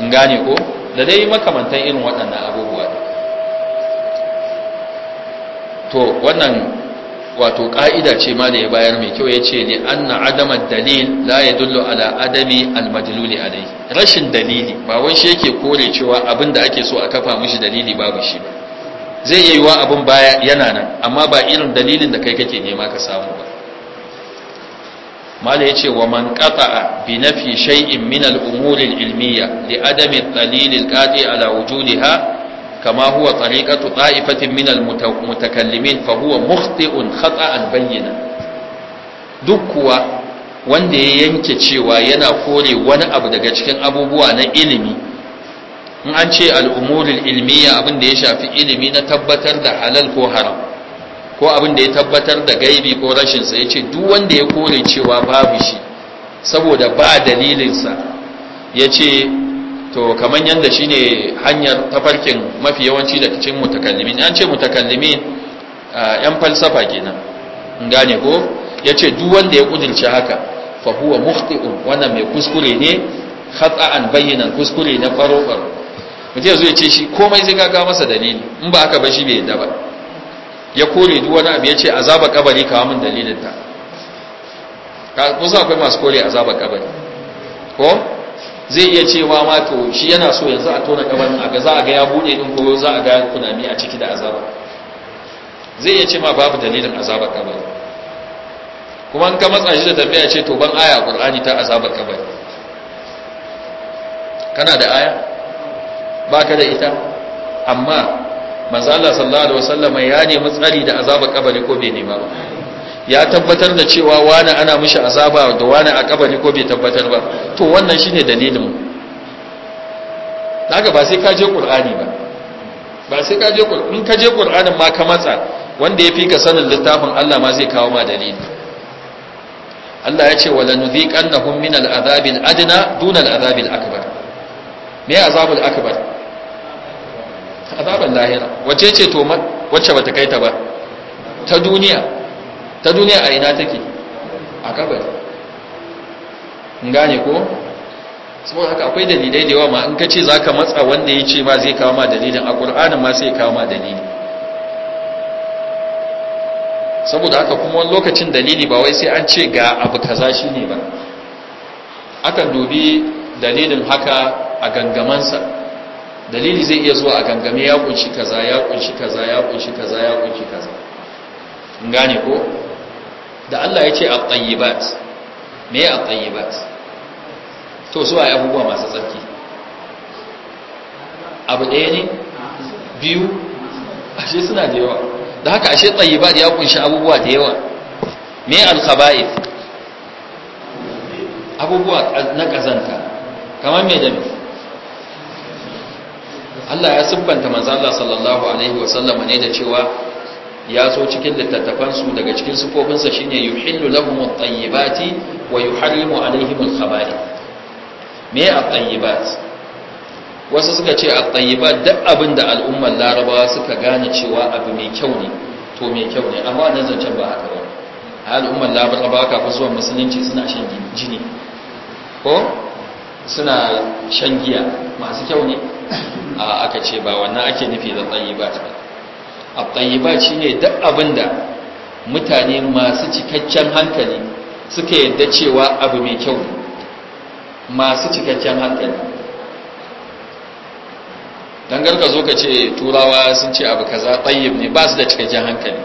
in gane ko da dai makamantan irin waɗannan abubuwa to wannan wato ka'ida ce ma da ya bayar mai kyau yace ne anna adama dalil la dullo ala adami almadluli alayhi rashin dalili ba wanshi yake kore cewa abin da ake so a kafa mishi dalili babu shi ba zai iya yiwa abin baya yana nan amma ba irin dalilin da kai kake nema ka samu ba mala yace wa man qata'a bi nafi shay'in min al-umuri al-ilmiyya li adami al-dalil al ala wujudiha kama huwa tariqatu ta'ifatin min almutakallimin fa huwa mukhti'un khata'an bayyana duk kuwa wanda ya yanke cewa yana kore wani abu daga cikin abubuwa na ilimi in an ce al'umurul ilmiya abin da ya shafi ilimi na tabbatar da halal ko haram ko abin da ya tabbatar da gaibi ko rashinsa ya ce duk wanda ya kore cewa babu shi saboda ba dalilinsa ya ce to kamar yadda shi ne hanyar tafarkin mafi yawanci da cikin mutakallimin an ce mutakallimin yan falsafa kenan gane ko ya ce duk wanda ya kudurce haka fa huwa muhti'un wannan mai kuskure ne khata'an bayyanan kuskure na faro faro mutum yanzu ya ce shi komai zai gaga masa dalili in ba haka ba shi bai yadda ba ya kore duk wani abu ya ce azaba kabari kawo min dalilin ta kusa akwai masu kore azaba kabari ko zai iya cewa ma to shi yana so yanzu a tona kabarin a ga za a ga ya bude din ko za a ga kunami a ciki da azaba zai iya ce ma babu dalilin azabar kabari kuma in ka matsa shi da tambaya ce to ban aya qur'ani ta azabar kabari kana da aya baka da ita amma manzo Allah sallallahu alaihi wasallam ya nemi tsari da azabar kabari ko bai nema ba ya tabbatar da cewa wani ana mishi azaba da wani a kabari ko bai tabbatar ba to wannan shine dalilin mu daga ba sai ka je qur'ani ba ba sai ka je in ka je qur'anin ma ka matsa wanda yafi ka sanin littafin Allah ma zai kawo ma dalili Allah ya ce wala nuziqannahum min al'adabil adna duna al'adabil akbar me azabul akbar azabul lahira wace ce to wacce bata kai ta ba ta duniya ta duniya a ina take a kabari gane ko saboda haka akwai dalilai da yawa ma in ka ce za ka matsa wanda ya ce ma zai kawo ma dalilin a ƙur'anin ma sai kawo ma dalili saboda haka kuma wani lokacin dalili ba wai sai an ce ga abu kaza shi ne ba akan dubi dalilin haka a gangamansa dalili zai iya zuwa a gangame ya kunshi kaza ya kunshi kaza ya kunshi kaza ya kunshi kaza gane ko da Allah ya ce al-tayyibat me ya al-tayyibat to su yi abubuwa masu tsarki abu ɗaya ne biyu ashe suna da yawa da haka ashe tayyibat ya kunshi abubuwa da yawa me al-khaba'ith abubuwa na kazanta kamar me da Allah ya siffanta manzo Allah sallallahu alaihi wasallama ne da cewa ya so cikin littattafansu daga cikin sufofinsa shine yuhillu lahum at-tayyibati wa yuharrimu alaihim al me at-tayyibat wasu suka ce at-tayyibat duk abin da al'ummar larabawa suka gane cewa abu mai kyau ne to mai kyau ne amma wannan zancen ba haka ba al'ummar larabawa kafin zuwa musulunci suna shan jini ko suna shan giya masu kyau ne aka ce ba wannan ake nufi da tsayi ba at-tayyibat shine duk abinda mutane masu cikakken hankali suka yadda cewa abu mai kyau masu cikakken hankali dan garka zo ka ce turawa sun ce abu kaza tayyib ne ba su da cikakken hankali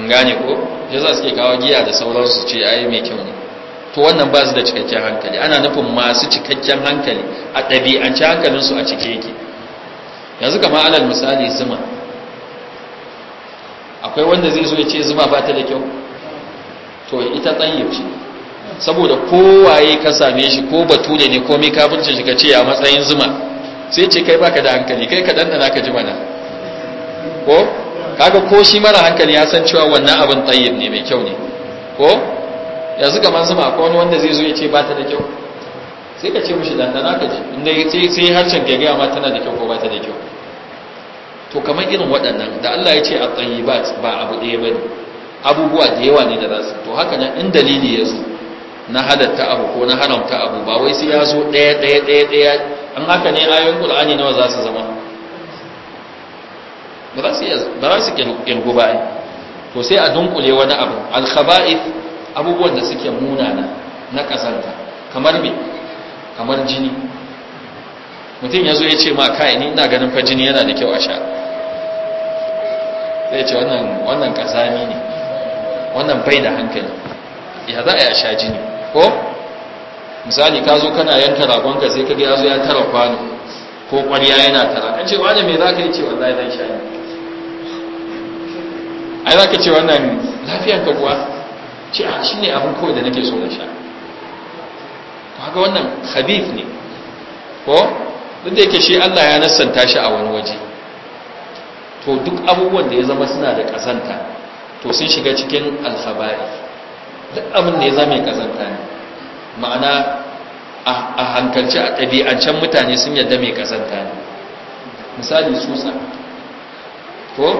in gane ko yasa suke kawo giya da sauransu ce ai mai kyau ne to wannan ba su da cikakken hankali ana nufin masu cikakken hankali a ɗabi'ance hankalinsu a cike yake yanzu kama alal misali zuma akwai wanda zai zo ya ce zuma ba ta da kyau to ita tsayyib ce saboda kowaye ka same shi ko bature ne ko mai kafircin shi ka ce a matsayin zuma sai ce kai baka da hankali kai ka dandana ka ji mana ko kaga ko shi mara hankali ya san cewa wannan abin tsayyib ne mai kyau ne ko yanzu kamar zuma ko wani wanda zai zo ya ce ba ta da kyau sai ka ce mishi dandana ka ji inda sai harshen ka gaya ma tana da kyau ko ba ta da kyau to kamar irin waɗannan da Allah ya ce a tsayibat ba abu ɗaya ba ne abubuwa da yawa ne da za su to haka nan in dalili ya zo na halatta abu ko na haramta abu ba wai sai ya zo ɗaya ɗaya ɗaya ɗaya an haka ne ayoyin ƙul'ani nawa za su zama ba za su ƙirgu ba ai to sai a dunkule wani abu alkhaba'ith abubuwan da suke munana na kasanta kamar me kamar jini mutum ya zo ya ce ma kai ni ina ganin fa jini yana da kyau a sha zai ce wannan kazami ne wannan bai da hankali ya za a yi a sha jini ko misali ka zo kana yanka ragonka sai ka ga yazo ya tara kwano ko kwariya yana tara an ce wani mai za ka yi ce wallahi zan sha ne ai za ka ce wannan ka kuwa ce a shi ne abin kawai da nake so na sha haka wannan habib ne ko duk da yake shi Allah ya nassanta shi a wani waje to duk abubuwan da ya zama suna da kazanta to sun shiga cikin alfabari duk abin da ya zama kazanta ne ma'ana a hankalci a ɗabi'ancen mutane sun yadda mai kazanta ne misali tsutsa ko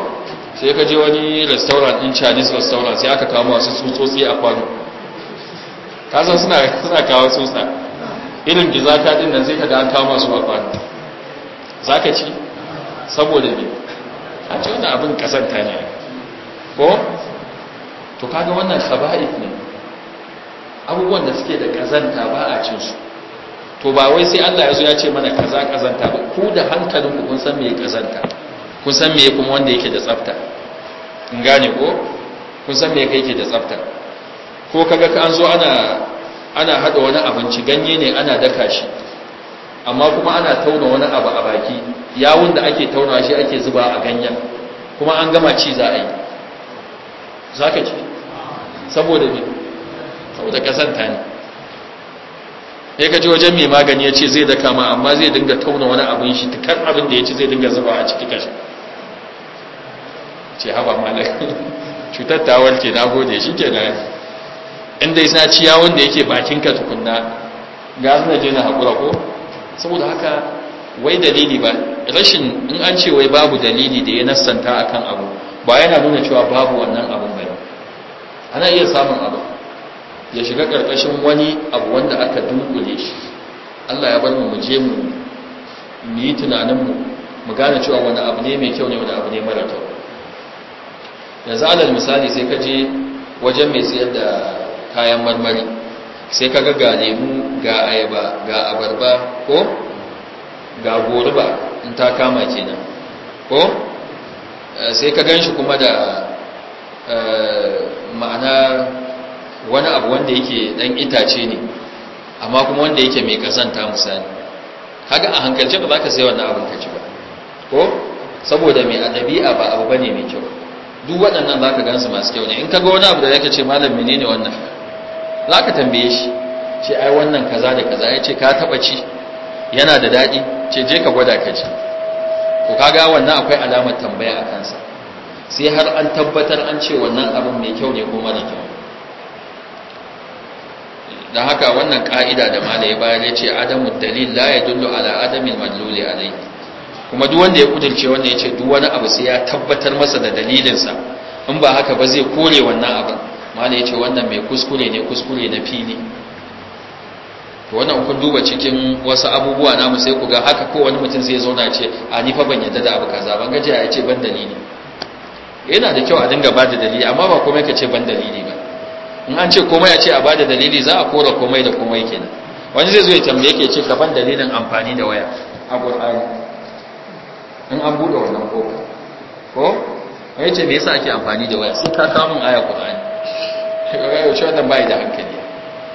sai ka je wani restaurant in chinese restaurant sai aka kawo wasu tsutsotsi a kwano kasan suna kawo tsutsa irin gizata din nan sai ka da an kawo masu a kwano za ka ci saboda ne an ce wannan abin kazanta ne ko to kaga wannan khaba'ith ne abubuwan da suke da kazanta ba a cin su to ba wai sai Allah ya zo ya ce mana kaza kazanta ba ku da hankalin ku kun san me kazanta kun san me kuma wanda yake da tsafta in gane ko kun san me kai yake da tsafta ko kaga ka an zo ana ana hada wani abinci ganye ne ana daka shi amma kuma ana tauna wani abu a baki yawun da ake taunawa shi ake zuba a ganyen kuma an gama ci za a yi za ka ci saboda ne saboda kasanta ne ya kaji wajen mai magani ya ce zai da kama amma zai dinga tauna wani abin shi tukar abin da ya ci zai dinga zuba a ciki kashi ce haba malar cutar ta warke na gode shi ke na inda isa ciya wanda yake bakinka tukunna ga suna je na haƙura ko saboda haka wai dalili ba rashin in an ce wai babu dalili da ya nassanta akan abu ba yana nuna cewa babu wannan abun bai ana iya samun abu ya shiga karkashin wani abu wanda aka dunkule shi Allah ya bar mu mu je mu mu yi tunanin mu mu gane cewa wani abu ne mai kyau ne wani abu ne mara kyau yanzu alal misali sai ka je wajen mai siyar da kayan marmari sai ka ga ga lemu ga ayaba ga abarba ko ga gori ba in ta kama kenan ko eh, sai ka ganshi kuma da eh, ma'ana wani abu wanda yake dan itace ne amma kuma wanda yake mai kazanta misali haka a hankalce ba za ka sai wannan abin ka ci ba ko saboda mai ɗabi'a ba abu bane mai kyau duk waɗannan za ka gansu masu kyau ne in ka ga wani abu da yake ce malam mene ne wannan za ka tambaye shi ce ai wannan kaza da kaza ya ce ka taɓa ci yana da daɗi ce je ka gwada ka ji ko kaga wannan akwai alamar tambaya a kansa sai har an tabbatar an ce wannan abin mai kyau ne ko mara kyau da haka wannan ka'ida da malai bayan ya ce adamu dalil la ya dullu ala adami madluli alai kuma duk wanda ya kudince wanda ya ce duk wani abu sai ya tabbatar masa da dalilinsa in ba haka ba zai kore wannan abin malai ya ce wannan mai kuskure ne kuskure na fili to wannan kun duba cikin wasu abubuwa namu sai ku ga haka kowane mutum zai zauna ya ce a ni fa ban yadda da abu kaza ban gaje ya ce ban dalili yana da kyau a dinga ba da dalili amma ba komai ka ce ban dalili ba in an ce komai ya ce a ba da dalili za a kora komai da komai kenan wani zai zo ya tambaye ke ce ka ban dalilin amfani da waya a qur'ani in an bude wannan kofa ko ya ce me yasa ake amfani da waya sai ka samu min aya qur'ani shi ga yau shi wannan bai da hankali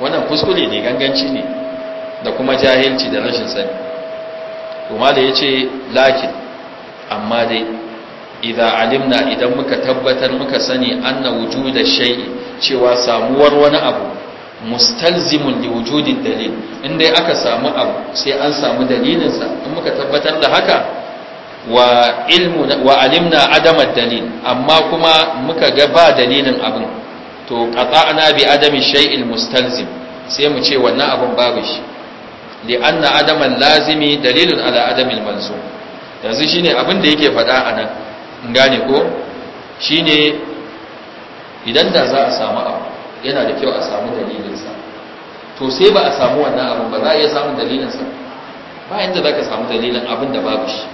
wannan kuskure ne ganganci ne da kuma jahilci da rashin sani kuma da ya ce lakin amma dai idan alimna idan muka tabbatar muka sani anna wujuda shay'i cewa samuwar wani abu mustalzimun li wujudin dalil in aka samu abu sai an samu dalilinsa in muka tabbatar da haka wa ilmu wa alimna adama dalil amma kuma muka ga ba dalilin abin to qata'na bi adami shay'il mustalzim sai mu ce wannan abun babu shi li anna adaman lazimi dalilun ala adamil malzum yanzu shine abin da yake faɗa anan in gane ko shine idan da za a samu abu yana da kyau a samu dalilinsa to sai ba a samu wannan abin ba za a iya samun dalilinsa ba yanda za ka samu dalilin abin da babu shi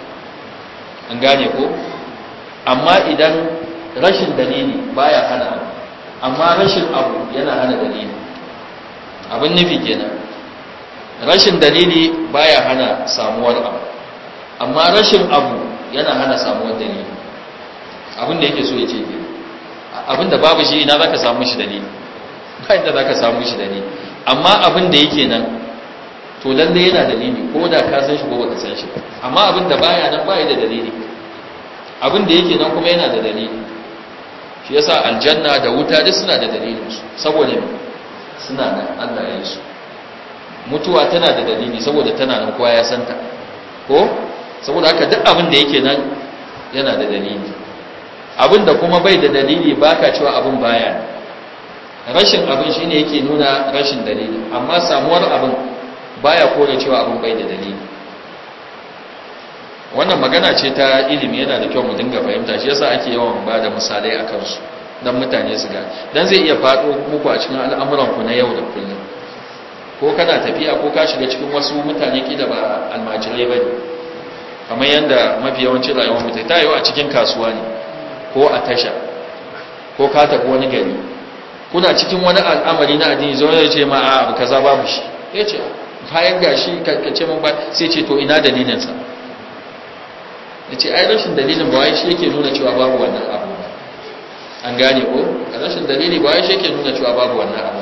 In gane ko amma idan rashin dalili baya hana amma rashin abu yana hana dalili abin nufi kenan rashin dalili baya hana samuwar abu amma rashin abu yana hana samuwar dalili abin da yake so ya ce ke abin da babu shi na za ka samu shi dalili bayan da za ka samu shi dalili amma abin da yake nan to lalle yana dalili ko da ka san shi ko baka san shi amma abin da baya nan baya da dalili abin da yake nan kuma yana da dalili shi yasa aljanna da wuta duk suna da dalilinsu saboda ne suna da Allah ya yi su mutuwa tana da dalili saboda tana nan kowa ya santa ko saboda haka duk abin da yake nan yana da dalili abin da kuma bai da dalili baka cewa abin baya rashin abin shine yake nuna rashin dalili amma samuwar abin baya kore cewa abin bai da dalili wannan magana ce ta ilimi yana da kyau mu dinga fahimta shi yasa ake yawan ba da misalai a kansu don mutane su ga don zai iya faɗo muku a cikin al'amuranku na yau da kullum ko kana tafiya ko ka shiga cikin wasu mutane kila ba almajirai ba ne kamar yadda mafi yawanci rayuwar mutane ta yiwu a cikin kasuwa ne ko a tasha ko ka tafi wani gari kuna cikin wani al'amari na addini zo ya ce ma a abu kaza babu shi ya ce bayan gashi ka ce mun ba sai ce to ina dalilinsa ce ai rashin dalilin ba shi yake nuna cewa babu wannan abu an gane ko rashin dalili ba shi yake nuna cewa babu wannan abu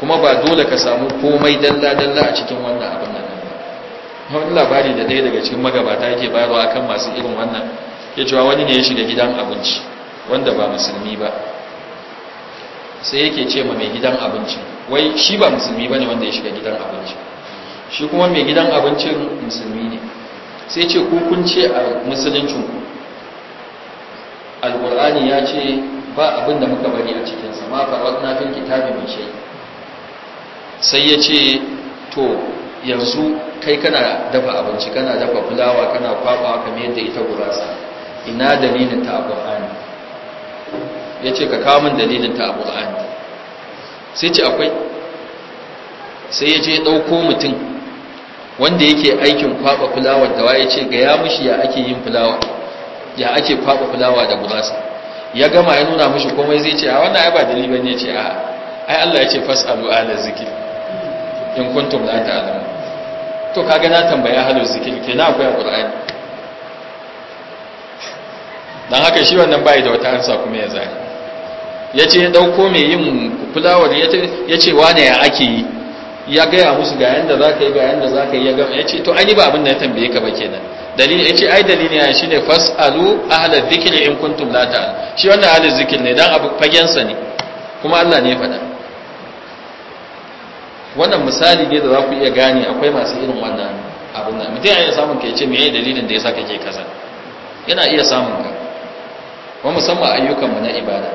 kuma ba dole ka samu komai dalla dalla a cikin wannan abin nan wani labari da ɗaya daga cikin magabata yake bayarwa akan masu irin wannan ya cewa wani ne ya shiga gidan abinci wanda ba musulmi ba sai yake ce ma mai gidan abinci wai shi ba musulmi ba ne wanda ya shiga gidan abinci shi kuma mai gidan abincin musulmi ne sai ce ku kun ce a musuluncin ku alkur'ani ya ce ba abin da muka bari a cikin sa ma faratna fil kitabi min shay sai ya ce to yanzu kai kana dafa abinci kana dafa fulawa kana kwakwa kamar yadda ita gurasa ina dalilin ta alkur'ani ya ce ka kawo min dalilin ta alkur'ani sai ce akwai sai ya ya ɗauko mutum wanda yake aikin kwaba fulawa da waye ce ga ya mushi ya ake yin fulawa ya ake kwaba fulawa da gurasa ya gama ya nuna mushi komai zai ce a wannan ai ba dalili bane ce a ai Allah ya ce fasalu ala zikir in kuntum la ta'lamun to kaga na tambaya halu zikir na akwai alqur'ani dan haka shi wannan bai da wata ansa kuma ya zai ya ce ya dauko mai yin fulawar ya ce wane ya ake yi ya gaya musu ga yanda za ka yi ga yanda za ka yi ya gama ya ce to ai ba abin da ya tambaye ka ba kenan dalili ya ce ai dalili ya shi ne fas'alu ahla zikiri in kuntum la ta'ala shi wannan ahalar zikir ne don abu fagensa ne kuma Allah ne ya faɗa wannan misali ne da za ku iya gane akwai masu irin wannan abin nan mutum ya samun ka ya ce meye dalilin da ya saka kake kaza yana iya samun ka kuma musamman ayyukanmu na ibada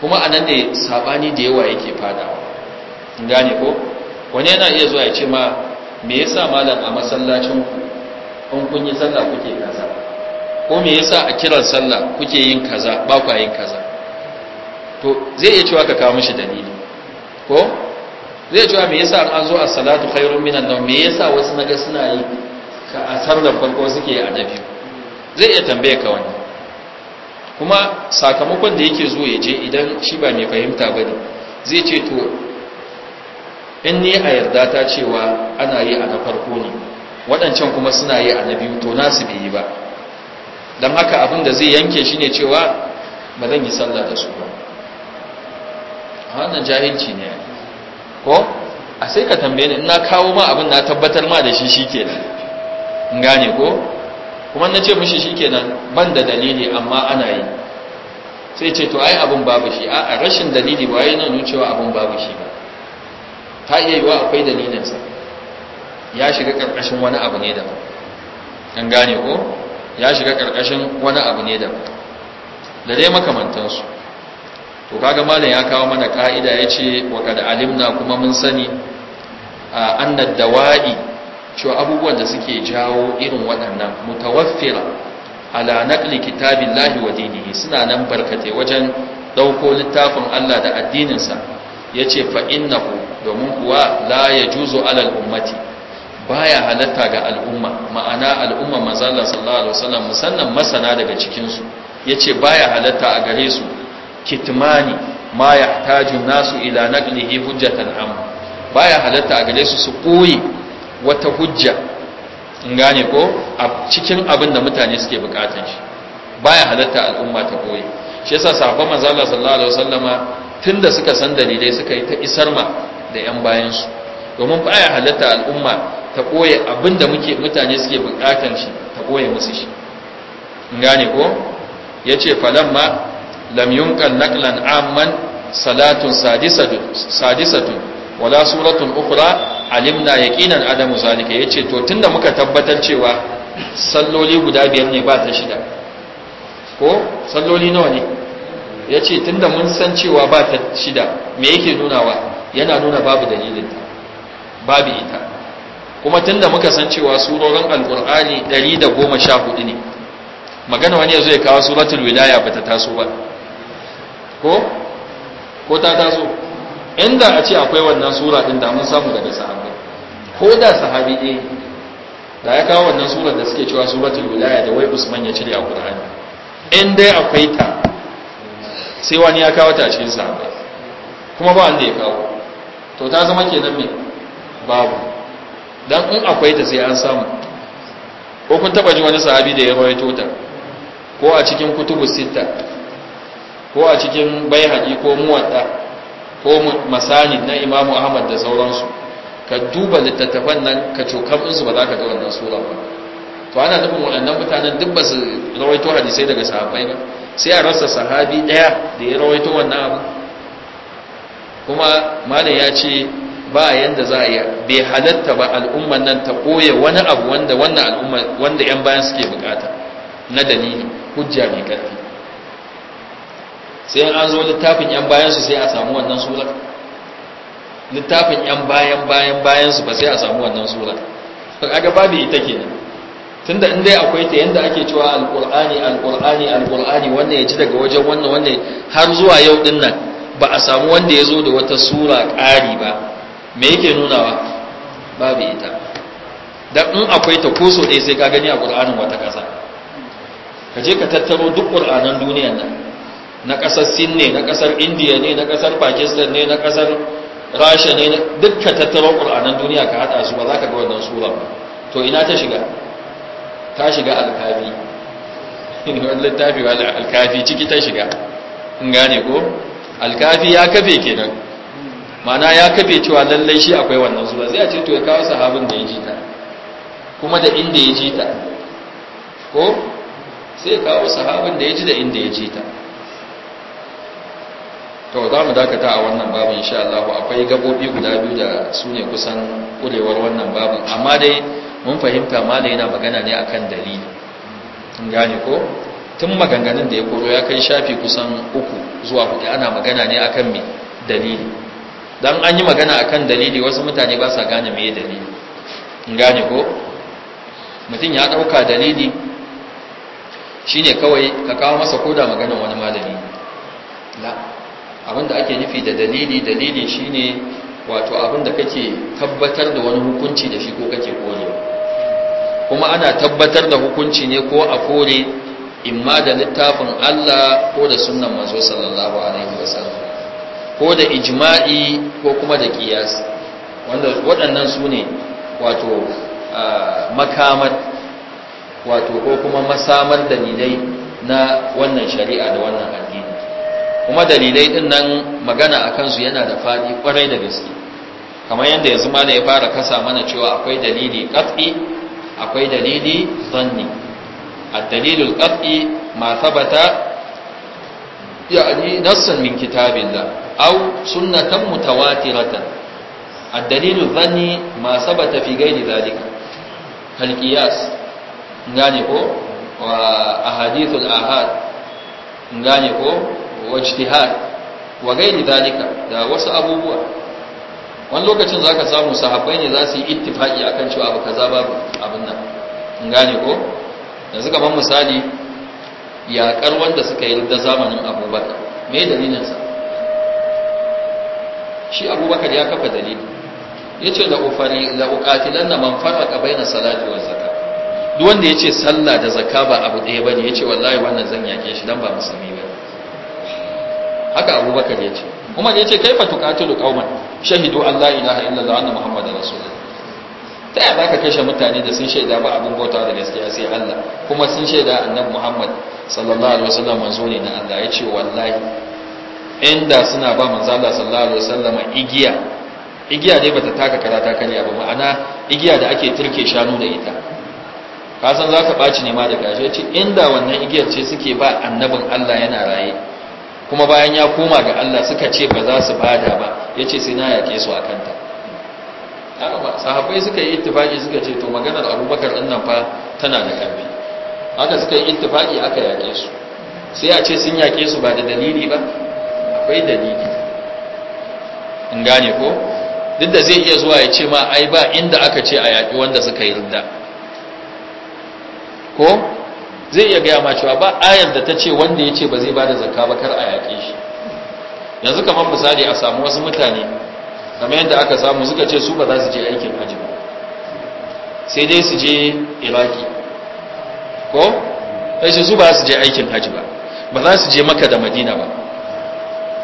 kuma a nan ne sabani da yawa yake fada gane ko wani yana iya zuwa ya ce ma me yasa malam a masallacin ku in kun yi sallah kuke kaza ko me yasa a kiran sallah kuke yin kaza ba ku yin kaza to zai iya cewa ka kawo mishi dalili ko zai cewa me yasa an zo as-salatu khairun minan nawm me yasa wasu naga suna yi ka asar da farko suke a na zai iya tambaye ka wani kuma sakamakon da yake zo ya je idan shi ba mai fahimta bane zai ce to in ne a yarda ta cewa ana yi a na farko ne waɗancan kuma suna yi a na biyu to nasu bai yi ba don haka abin da zai yanke shi ne cewa ba zan yi sallah da su ba wannan jahilci ne ko a sai ka tambaye ni ina kawo ma abin na tabbatar ma da shi shikenan in gane ko kuma na ce mishi shikenan ban da dalili amma ana yi sai ce to ai abin babu shi a rashin dalili ba yana nuna cewa abin babu shi ba ta iya yiwa akwai dalilinsa ya shiga ƙarƙashin wani abu ne da an gane ko ya shiga ƙarƙashin wani abu ne da da dai makamantansu to kaga malam ya kawo mana ka'ida ya ce wa kada alimna kuma mun sani a da dawa'i cewa abubuwan da suke jawo irin waɗannan mutawaffira ala kitabin lahi wa dinihi suna nan barkate wajen ɗauko littafin Allah da addininsa ya ce fa'innahu domin kuwa la ya juzo alal ummati ya halatta ga al'umma ma'ana al'umma mazalla sallallahu alaihi wasallam musannan masana daga cikinsu ya ce ya halatta a gare su kitmani ma ya taju nasu ila naglihi hujjatan amma ba ya halatta a gare su su koyi wata hujja in gane ko a cikin abin da mutane suke bukatan shi ba ya halatta al'umma ta koyi shi yasa sahabban manzo Allah sallallahu alaihi wasallama tunda suka san dalilai suka yi ta isar ma da 'yan bayansu domin baya halatta al'umma ta koye abin da mutane suke bukatar shi ta koye musu shi gane ko ya ce falamma lam Lamyunkan, naklan amman salatun sadisatun wala suratun ukura alimna ƙinan adamu zalika ya ce to tunda muka tabbatar cewa salloli guda biyar ne ba ta shida ko salloli nawa ne ya ce tunda mun san cewa ba ta shida me yake nunawa yana nuna babu dalilinta babu ita kuma tunda muka san cewa surorin alkur'ani 114 ne magana wani zo ya kawo suratul wilaya bata taso ba ko ko ta taso inda a ce akwai wannan sura din da mun samu daga sahabi ko da sahabi ne da ya kawo wannan surar da suke cewa suratul wilaya da wai Usman ya cire a Qur'ani in dai akwai ta sai wani ya kawo ta cikin sahabbai kuma ba wanda ya kawo to ta zama kenan me babu dan in akwai ta sai an samu ko kun taba ji wani sahabi da ya rawaito ta ko a cikin kutubu sita ko a cikin bai baihaqi ko muwatta ko masani na imamu ahmad da sauransu ka duba littattafan nan ka cokan su ba za ka ga wannan sura ba to ana nufin waɗannan mutanen duk ba su rawaito hadisai daga sahabbai ba sai a rasa sahabi daya da ya rawaito wannan abu kuma malam ya ce ba yanda za a yi bai halatta ba al'umman nan ta koya wani abu wanda wannan al'umma wanda yan bayan suke bukata na dalili hujja mai karfi sai an zo littafin yan bayan su sai a samu wannan sura littafin yan bayan bayan bayan su ba sai a samu wannan sura kaga babu ita kenan tunda in dai akwai ta yanda ake cewa alqur'ani alqur'ani alqur'ani wannan ya ji daga wajen wannan wannan har zuwa yau din nan ba a samu wanda ya zo da wata sura ƙari ba me yake nunawa babu ita dan in akwai ta ko so ɗaya sai ka gani a qur'anin wata ƙasa ka je ka tattaro duk qur'anan duniyar nan na ƙasar sin ne na ƙasar indiya ne na ƙasar pakistan ne na ƙasar rasha ne duk ka tattaro ƙur'anan duniya ka haɗa su ba za ka ga wannan sura ba to ina ta shiga ta shiga alkafi wani littafi wani alkafi ciki ta shiga in gane ko alkafi ya kafe kenan mana ya kafe cewa lallai shi akwai wannan zuwa zai a ce to ya kawo sahabin da ya ji ta kuma da inda ya ji ta ko sai kawo sahabin da ya ji da inda ya ji ta to za mu dakata a wannan babu insha Allah akwai gabobi guda biyu da su ne kusan kurewar wannan babu amma dai mun fahimta mala yana magana ne akan dalili kun gane ko tun maganganun da ya koro ya kai shafi kusan uku zuwa hudu ana magana ne akan me dalili dan an yi magana akan dalili wasu mutane ba sa gane me dalili kun gane ko mutum ya dauka dalili shine kawai ka kawo masa koda maganar wani malami la abinda ake nufi da dalili dalili shine wato abinda kake tabbatar da wani hukunci da shi ko kake korewa kuma ana tabbatar da hukunci ne ko a kore imma da littafin Allah ko da sunnan manzo sallallahu alaihi wasallam ko da ijma'i ko kuma da qiyas wanda waɗannan su ne wato makamar wato ko kuma masamar dalilai na wannan shari'a da wannan kuma dalilai din nan magana a kansu yana da fadi kwarai da gaske kamar yadda ya zama da ya fara kasa mana cewa akwai dalili ƙafi akwai dalili zanni a dalilul ƙafi ma tabbata ya nassan min kitabin da au sunnatan mutawatiratan a dalilu zanni ma tabbata fi gaini zalika halƙiyas gane ko wa ahadithul ahad gane ko wajtihad wa gairi dalika da wasu abubuwa wani lokacin zaka samu sahabbai ne za su yi ittifaki akan cewa abu kaza babu abin nan in gane ko yanzu ban misali yaƙar wanda suka yi da zamanin abubakar me dalilinsa shi abubakar ya kafa dalili ya ce la'ukatilan na man farraka bai na salati wa zaka duk wanda ya ce sallah da zaka ba abu ɗaya ba ne ya ce wallahi wannan zan yaƙe shi don ba musulmi ba haka abubakar ya ce umar ya ce kai fa tuqatilu qauman shahidu an la ilaha illallah anna muhammadar rasulullah ta yaya za ka kashe mutane da sun shaida ba abin bauta da gaskiya sai Allah kuma sun shaida annabi Muhammad sallallahu alaihi wasallam manzo ne na Allah ya ce wallahi inda suna ba manzo Allah sallallahu alaihi wasallam igiya igiya dai bata taka karata kariya ba ma'ana igiya da ake turke shanu da ita ka san za ka baci ne ma da gashi ce inda wannan igiyar ce suke ba annabin Allah yana raye kuma bayan ya koma ga Allah suka ce ba za su bada ba ya ce sai na yaƙe su a kanta sahabai suka yi ittifaki suka ce to maganar abubakar ɗin nan fa tana da ƙarfi haka suka yi ittifaki aka yaƙe su sai a ce sun yaƙe su ba da dalili ba akwai dalili in gane ko duk da zai iya zuwa ya ce ma ai ba inda aka ce a yaƙi wanda suka yi ridda ko zai iya gaya ma cewa ba ayar da ta ce wanda ya ce ba zai ba da zakka ba kar a yaƙe shi yanzu kamar misali a samu wasu mutane kamar yadda aka samu suka ce su ba za su je aikin hajji ba sai dai su je iraki ko sai su ba su je aikin hajji ba ba za su je maka da madina ba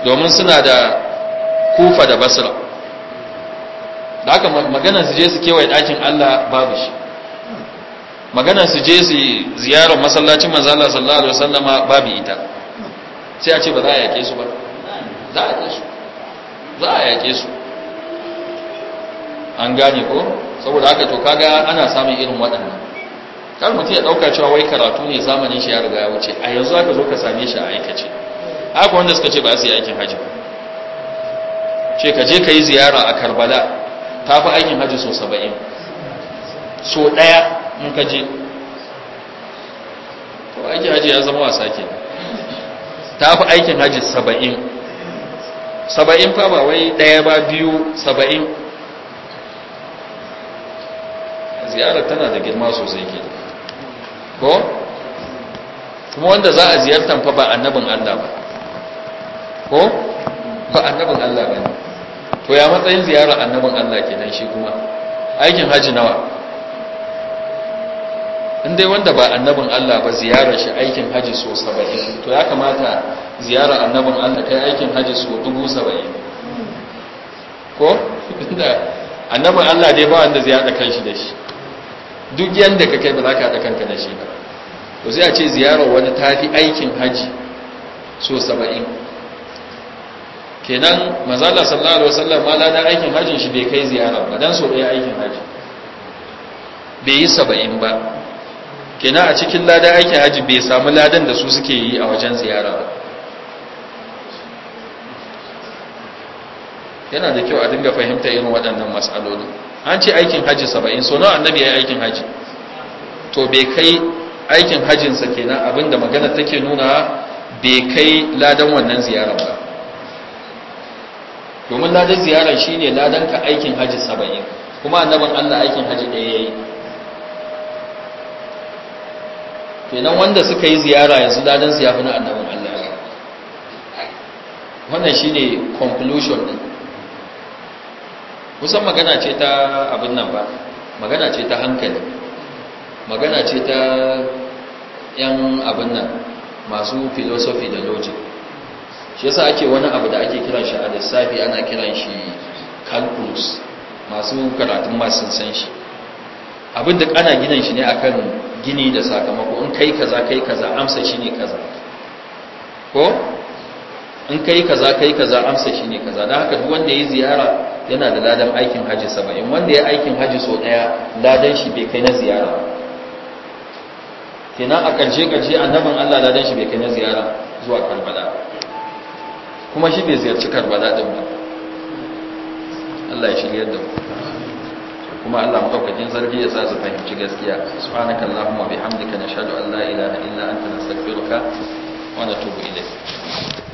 domin suna da kufa da basra da haka magana su je su kewaye ɗakin allah babu shi magana su je su ziyarar masallacin mazala sallallahu alaihi wasallama babu ita sai a ce ba za a yake su ba za a yake su za a yake su an gane ko saboda haka to kaga ana samun irin waɗannan kar mutum ya ɗauka cewa wai karatu ne zamanin shi ya riga ya wuce a yanzu aka zo ka same shi a aikace haka wanda suka ce ba su yi aikin hajji ba ce ka je ka yi ziyara a karbala ta fi aikin hajji so saba'in so ɗaya in ka je to aikin hajji ya zama wasa ke ta fi aikin hajji saba'in saba'in fa ba wai ɗaya ba biyu saba'in ziyarar tana da girma sosai ke ko kuma wanda za a ziyartar fa ba annabin allah ba ko ba annabin allah ba ne to ya matsayin ziyarar annabin allah kenan shi kuma aikin hajji nawa in dai wanda ba annabin Allah ba ziyarar shi aikin haji so 70 to ya kamata ziyarar annabin Allah kai aikin haji so 70 ko inda annabin Allah dai ba wanda zai hada kanshi da shi duk yanda ka kai ba za ka hada kanka da shi ba to sai a ce ziyarar wani tafi aikin haji so 70 kenan mazala sallallahu alaihi wasallam ma ladan aikin hajin shi bai kai ziyarar ba dan so ɗaya aikin haji bai yi 70 ba kenan a cikin ladan aikin haji bai samu ladan da su suke yi a wajen ziyara ba yana da kyau a dinga fahimta irin waɗannan matsaloli an ce aikin haji saba'in so nawa annabi ya yi aikin haji to bai kai aikin hajjinsa kenan abinda magana take nuna bai kai ladan wannan ziyarar ba domin ladan ziyara shine ladan ka aikin haji saba'in kuma annabin allah aikin hajji ɗaya ya yi kenan wanda suka yi ziyara yanzu dadan su fi na annabin Allah wannan shi ne conclusion ne. kusan magana ce ta abin nan ba magana ce ta hankali magana ce ta yan abin nan masu philosophy da logic shi yasa ake wani abu da ake kiran shi a lissafi ana kiran shi calculus masu karatun masu san shi abin da kana gina shi ne akan gini da sakamako in kai kaza kai kaza amsa shi ne kaza ko in kai kaza kai kaza amsa shi ne kaza Da haka duk wanda yi ziyara yana da ladan aikin haji saba'in wanda ya aikin haji so daya ladan shi bai kai na ziyara nan a karshe karshe annaban Allah ladan shi bai kai na ziyara zuwa Karbala kuma shi bai ziyarci Karbala din ba Allah ya shirya da mu kuma Allah madaukakin sarki ya sa su fahimci gaskiya subhanaka allahumma bihamdika nashhadu an la ilaha illa anta nastaghfiruka wa natubu ilayk